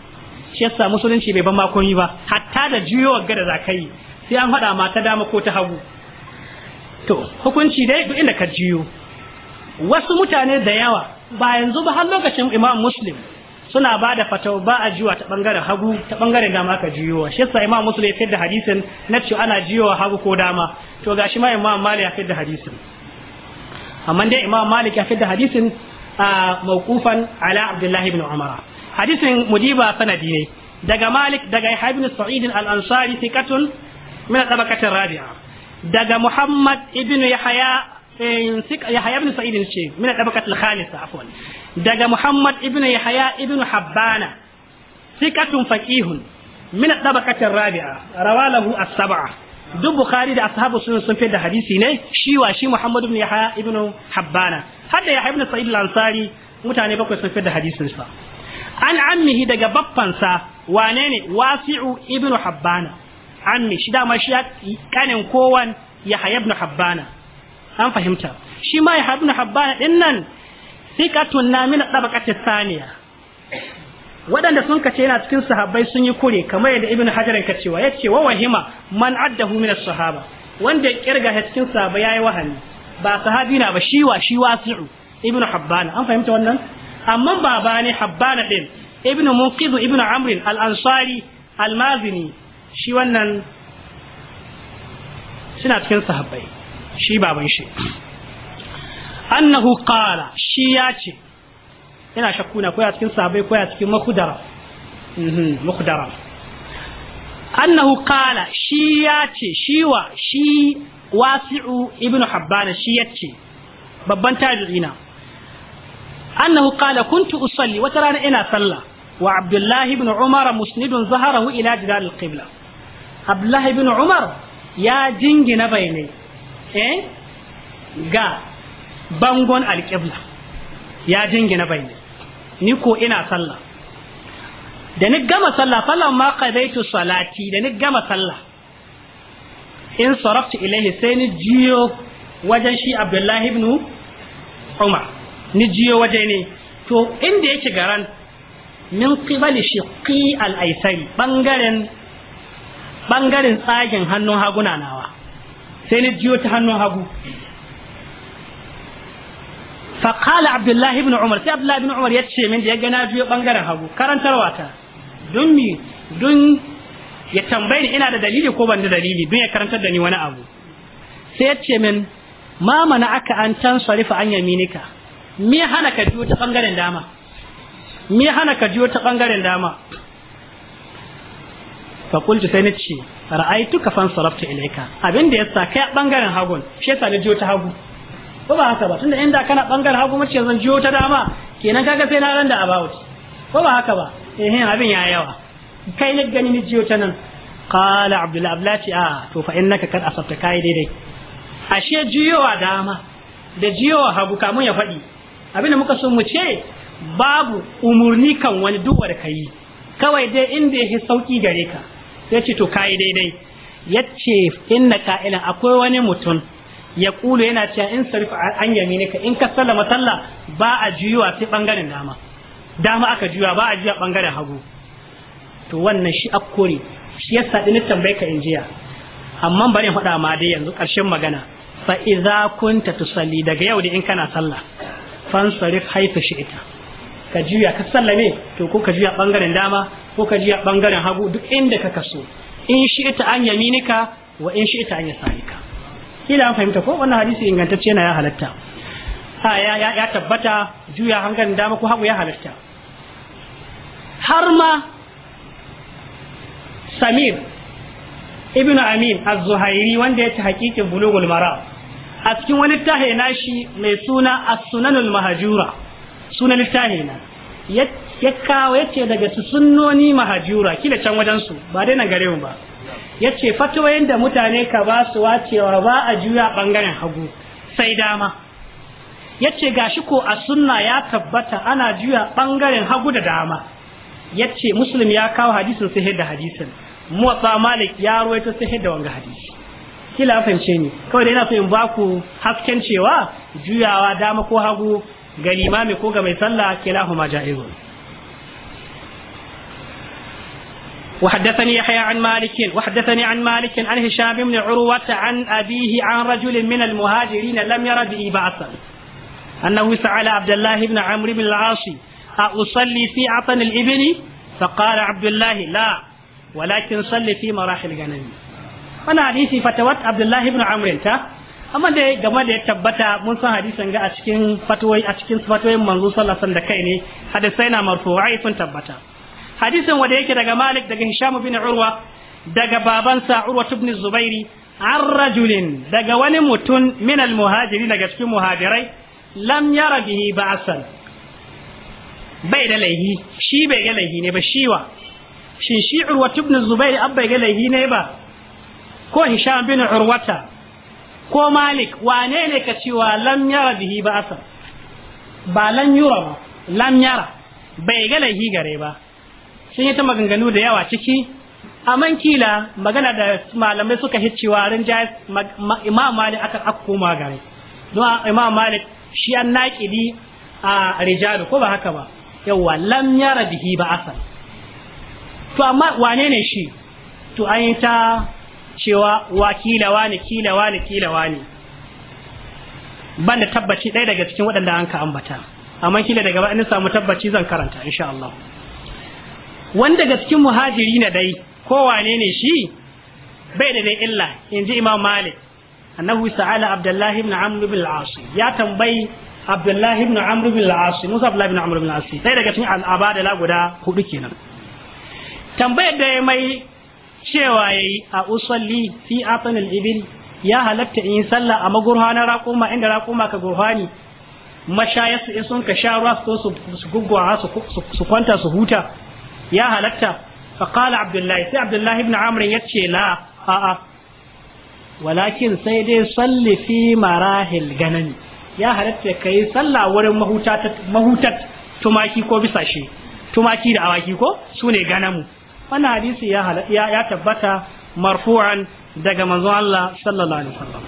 shi yasa musulunci bai ban makomi ba hatta da jiyo ga da zakai sai an hada ma ta dama ko ta hagu to hukunci dai duk inda ka jiyo wasu mutane da yawa ba yanzu ba har lokacin imam muslim suna ba da fatau ba a jiwa ta bangaren hagu ta bangaren dama aka wa shi yasa imam muslim ya fitar da hadisin na cewa ana wa hagu ko dama to gashi ma imam malik ya fitar da hadisin amma dai imam malik ya fitar da hadisin a mawqufan ala abdullah ibn umara hadisin mudiba sanadi ne daga malik daga ibn sa'id al-ansari thiqatun min al-tabaqati rabi'a daga Muhammad ibn Yahya eh, Yahya ibn Sa'id ce min tabaqat al-khamisa afwan daga Muhammad ibn Yahya ibn Habbana sikatun faqihun min tabaqat ar-rabi'a rawalahu as-sab'a duk bukhari da ashabu sunan sun da hadisi ne shi wa shi muhammad ibn yahya ibn habbana har yahya ibn sa'id al-ansari mutane bakwai sun da hadisin sa an ammihi daga sa wane ne wasi'u ibn habbana ammi shi dama shi ya kanin kowan ya na habbana an fahimta shi ma ya hayabnu habbana din nan sikatun na min dabaqati thaniya waɗanda sun kace yana cikin sahabbai sun yi kure kamar yadda ibnu hajar ka cewa yace wa wahima man addahu min sahaba wanda ya kirga ya cikin sahabbai yayi wahani ba sahabi na ba shi wa shi ibnu habbana an fahimta wannan amma baba ne habbana din ibnu munqidh ibnu amr al-ansari al-mazini shi wannan suna cikin sahabbai shi baban shi annahu qala shi ya ce yana shakkuna ko ya cikin sahabbai ko ya cikin makudara makudara mhm, annahu qala shi ya ce shi wa shi wasi'u ibnu habban shi ya ce babban tabi'ina annahu qala kuntu usalli wata rana ina sallah wa abdullahi ibn umar musnidun zaharahu ila jidal al-qibla abdullahi bin umar ya jingina bayanai eh ga bangon alƙibla ya jingina bayanai ni ko ina sallah da ni gama sallah falan ma qadaitu salati da ni gama sallah in saraftu ilaihi sai ni jiyo wajen shi abdullahi ibn umar ni jiyo wajen ne to inda yake garan min qibali shiqi al-aisari bangaren bangaren tsagen hannun hagu na nawa sai ni jiyo ta hannun hagu فقال Abdullahi Ibn Umar sai Abdullahi Ibn Umar ya ce min da ya gana jiyo bangaren hagu karantarwa ta dun mi dun ya tambaye ni ina da dalili ko ban da dalili dun ya karantar da ni wani abu sai ya ce min ma mana aka an can sarifa an yaminika me hana ka jiyo ta bangaren dama me hana ka jiyo ta bangaren dama ta sai na ce ra'aitu ka fan sarafta ilaika abin da yasa kai bangaren hagun shi yasa na jiyo ta hagu ko ba haka ba tunda inda kana bangaren hagu mace zan jiyo ta dama kenan kaga sai na randa about ko ba haka ba eh abin ya yawa kai ne gani ni jiyo ta nan qala Abdullahi. ablati a ah, to fa innaka kad asabta kai daidai ashe jiyowa dama da jiyowa hagu kamun ya faɗi abin da muka so mu ce babu umurni kan wani duk wanda kai kawai dai inda yake sauki gare ka sai ce to kayi daidai Ya yace inna qa'ilan akwai wani mutum ya kulu yana cewa in sarfa an ka, in ka sallama sallah ba a juyuwa sai bangaren dama dama aka juyuwa ba a juya bangaren hagu to wannan shi akkori shi ya yasa din tambaye ka injiya amma bari faɗa ma dai yanzu ƙarshen magana fa idza kunta tusalli daga yau da in kana sallah fansarif haythu ita. ka juya ka sallame to ko ka juya bangaren dama ko ka juya bangaren hagu duk inda ka kaso in shi ita an yaminika wa in shi ita an yasalika kila an fahimta ko wannan hadisi ingantacce yana ya halatta ha ya ya, ya tabbata juya hangaren dama ko hagu ya halatta har ma samir ibnu amin az-zuhairi wanda ya ci hakikin bulugul mara a cikin wani tahe nashi mai suna as-sunanul mahjura sunan littafi na ya kawo ya ce daga su sunnoni mahajura kila can wajensu ba dai na gare mu ba ya ce fatawayin da mutane ka ba su wacewa ba a juya bangaren hagu sai dama ya ce shi ko a sunna ya tabbata ana juya bangaren hagu da dama ya ce muslim ya kawo hadisin sahih da hadisin muwatsa malik ya ruwaito sahih da wanga hadisi kila fahimce ni kawai da yana so in ba ku hasken cewa juyawa dama ko hagu ga limami ko ga mai sallah kilahuma ja'izun وحدثني يحيى عن مالك وحدثني عن مالك عن هشام بن عروة عن أبيه عن رجل من المهاجرين لم ير به بأسا أنه سأل عبد الله بن عمرو بن العاص أصلي في عطن الإبل فقال عبد الله لا ولكن صلي في مراحل الغنم أنا حديثي فتوت عبد الله بن عمرو amma ya game da ya tabbata mun san hadisin ga a cikin fatwoyi a cikin fatwoyin manzo sallallahu alaihi da kai ne hadisai na marfu'ai sun tabbata hadisin wanda yake daga Malik daga Hisham bin Urwa daga babansa Urwa ibn Zubairi an rajulin daga wani mutum min al-muhajiri daga cikin muhajirai lam yara bihi ba'san bai da laihi shi bai ga laihi ne ba shiwa shin shi Urwa ibn Zubairi an ga laihi ne ba ko Hisham bin Urwata ko malik wane ne ka cewa lam yara bihi ba asa ba lam yura ba lam yara bai ga laihi gare ba sun yi ta maganganu da yawa ciki A man kila magana da malamai suka hit cewa rinjaye imam malik aka aka gare don imam malik shi an naƙidi a rijalu ko ba haka ba yawa lam yara bihi ba asa to amma wane ne shi to an yi ta cewa wa kila ne kila ne kila ne ban da tabbaci ɗaya daga cikin waɗanda an ka ambata amma kila daga bayan samu tabbaci zan karanta insha Allah wani daga cikin muhajiri na dai ko wane ne shi bai da dai illa in ji Imam Malik annahu sa'ala Abdullah ibn Amr ibn al-As ya tambayi Abdullah ibn Amr bin al-As Musa Abdullah ibn Amr ibn al-As ɗaya daga cikin la guda hudu kenan tambayar da mai cewa yayi a usalli fi afanil ibil ya halatta in sallah a magurhanar raƙuma inda raƙuma ka gurhani mashayarsu in sun ka sha ruwa su su gugguwa su kwanta su huta ya halatta fa qala abdullahi sai abdullahi ibn amr yace la a a walakin sai dai salli fi marahil ganani ya halatta yi sallah wurin mahutat mahutat tumaki ko bisashe tumaki da awaki ko sune ganamu wannan hadisi ya tabbata marfu'an daga manzon Allah sallallahu alaihi wasallam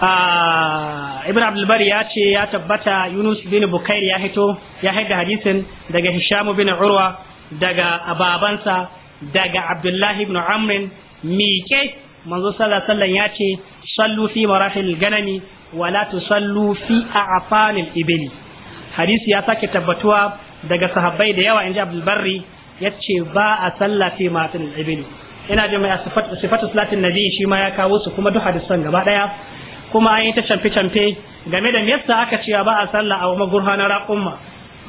ah, ibn abdul bari ya ce ya tabbata yunus bin bukair ya hito ya haida hadisin daga hisham bin urwa daga ababansa daga abdullahi ibn amr miƙe manzo sallallahu alaihi ya ce sallu fi marahil ganami wa la tusallu fi a'fanil ibli hadisi ya sake tabbatuwa daga sahabbai da yawa inji abdul barri yace ba a sallah fi matul ibil ina jin mai sifatu sifatu salatin nabi shi ma ya kawo su kuma duk hadisan gaba daya kuma an yi ta camfe canfe game da yadda aka cewa ba a sallah a magurhanar umma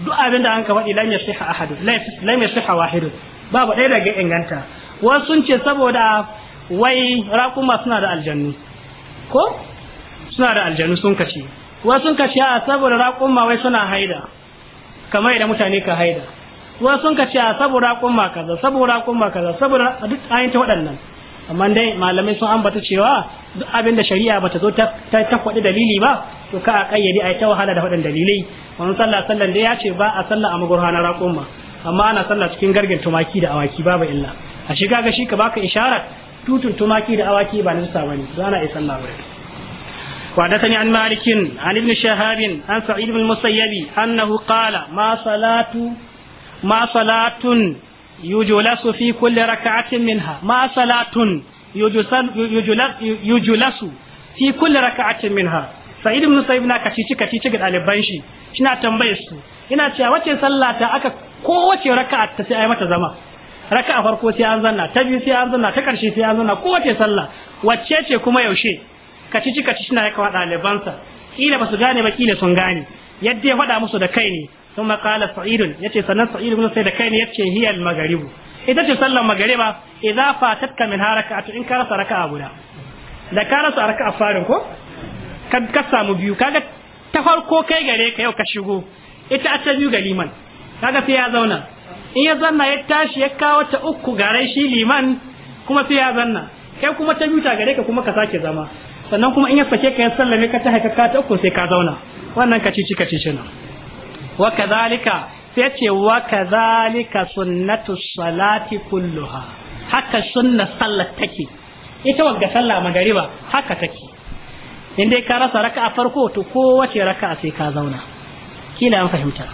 duk abin da an ka faɗi lam yasiha ahadu lam yasiha wahidu babu ɗaya daga inganta wasu sun ce saboda wai raqumma suna da aljannu ko suna da aljanu sun kace wasu sun kace a saboda raqumma wai suna haida kamar idan mutane ka haida wasu sun ka ce saboda kuma kaza saboda kuma kaza saboda duk ayin ta waɗannan amma dai malamai sun ambata cewa duk abin da shari'a bata zo ta ta kwaɗi dalili ba to ka a kayyade a ta wahala da waɗannan dalilai wannan sallah sallan dai ya ce ba a sallah a hana raƙumma amma ana sallah cikin gargin tumaki da awaki babu illa a shiga ga shi ka baka isharar tutun tumaki da awaki ba nisa bane to ana yi sallah wurin وحدثني عن مالك عن ابن شهاب عن سعيد بن المسيب أنه قال ما صلاة ma salatun yujlasu fi kulli rak'atin minha ma salatun fi kulli rak'atin minha sa'id ibn sa'id kacici kacici ga ɗaliban shi shina tambayar su ina cewa wace sallah ta aka kowace raka'a ta sai ai mata zama raka'a farko sai an zanna ta biyu sai an zanna ta karshe sai an zanna kowace sallah wacce ce kuma yaushe kacici kacici na ya kawo ɗalibansa kila ba su gane ba kila sun gane yadda ya faɗa musu da kai ne ثم قال سعيد يتي hiyar سعيد بن سيد كان يتي هي المغرب إذا تصلى المغرب إذا فاتتك منها ركعة إن raka ركعة أبدا da ka rasa a farin ko ka samu biyu kaga ta farko kai gare ka yau ka shigo ita a ta biyu ga liman kaga sai ya zauna in ya zanna ya tashi ya kawo ta uku gare shi liman kuma sai ya zanna kai kuma ta biyu ta gare ka kuma ka sake zama sannan kuma in ya sake ka ya sallame ka ta haika ka ta uku sai ka zauna wannan ka ci ka cici na wa kadhalika sai ce wa kadhalika sunnatu salati kulluha haka sunna sallar take ita wagga sallah magariba haka take in dai ka rasa raka'a farko to kowace raka'a sai ka zauna kila an fahimta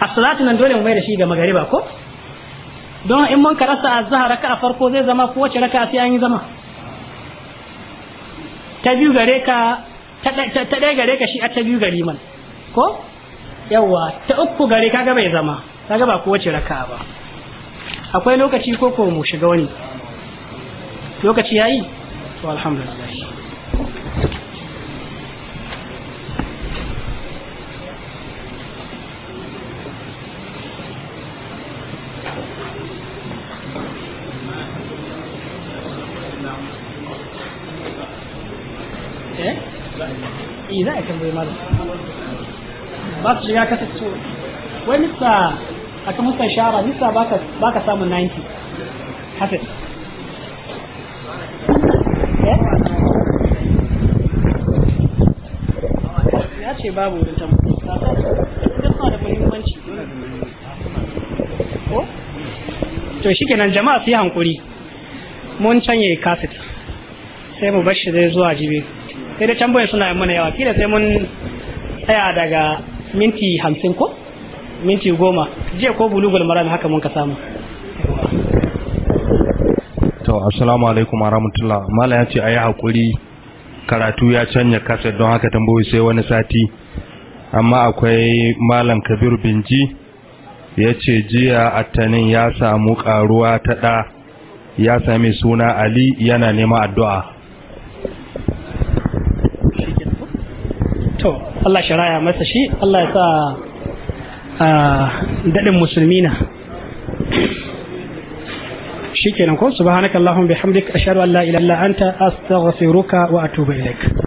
as-salatu nan dole mu mai da shi ga magariba ko don in mun karasa azhar raka'a farko zai zama kowace raka'a sai an yi zama ta biyu gare ka ta ɗaya gare ka shi a ta biyu gari man ko yawa ta uku gare kaga bai zama kaga ba kowace raka'a ba akwai lokaci ko ko mu shiga wani lokaci yayi to alhamdulillah Eh? Iya, kan boleh malam. ba su shiga kasa so wai nisa a kan musta shara nisa ba ka samun 90 hafiz eh? ya ce babu wurin tamu ta sa da muhimmanci ko to shi kenan jama'a su yi hankuri mun canye kaset sai mu bashi zai zuwa jibi sai da tambayoyin suna mana yawa kila sai mun tsaya daga minti hamsin ko minti goma jiya ko bulugul maram haka mun ka samu to assalamu alaikum warahmatullah mala ya ce ayi hakuri karatu ya canja kasa don haka tambayoyi sai wani sati amma akwai malam kabir binji ya ce jiya attanin ya samu karuwa ta da ya sami suna ali yana nema addu'a to Allah sharaya masa shi Allah ya sa daɗin musulmina kenan ko subhanakallahumma bihamdika ashhadu an la ilaha illa anta astaghfiruka wa atubu ilaik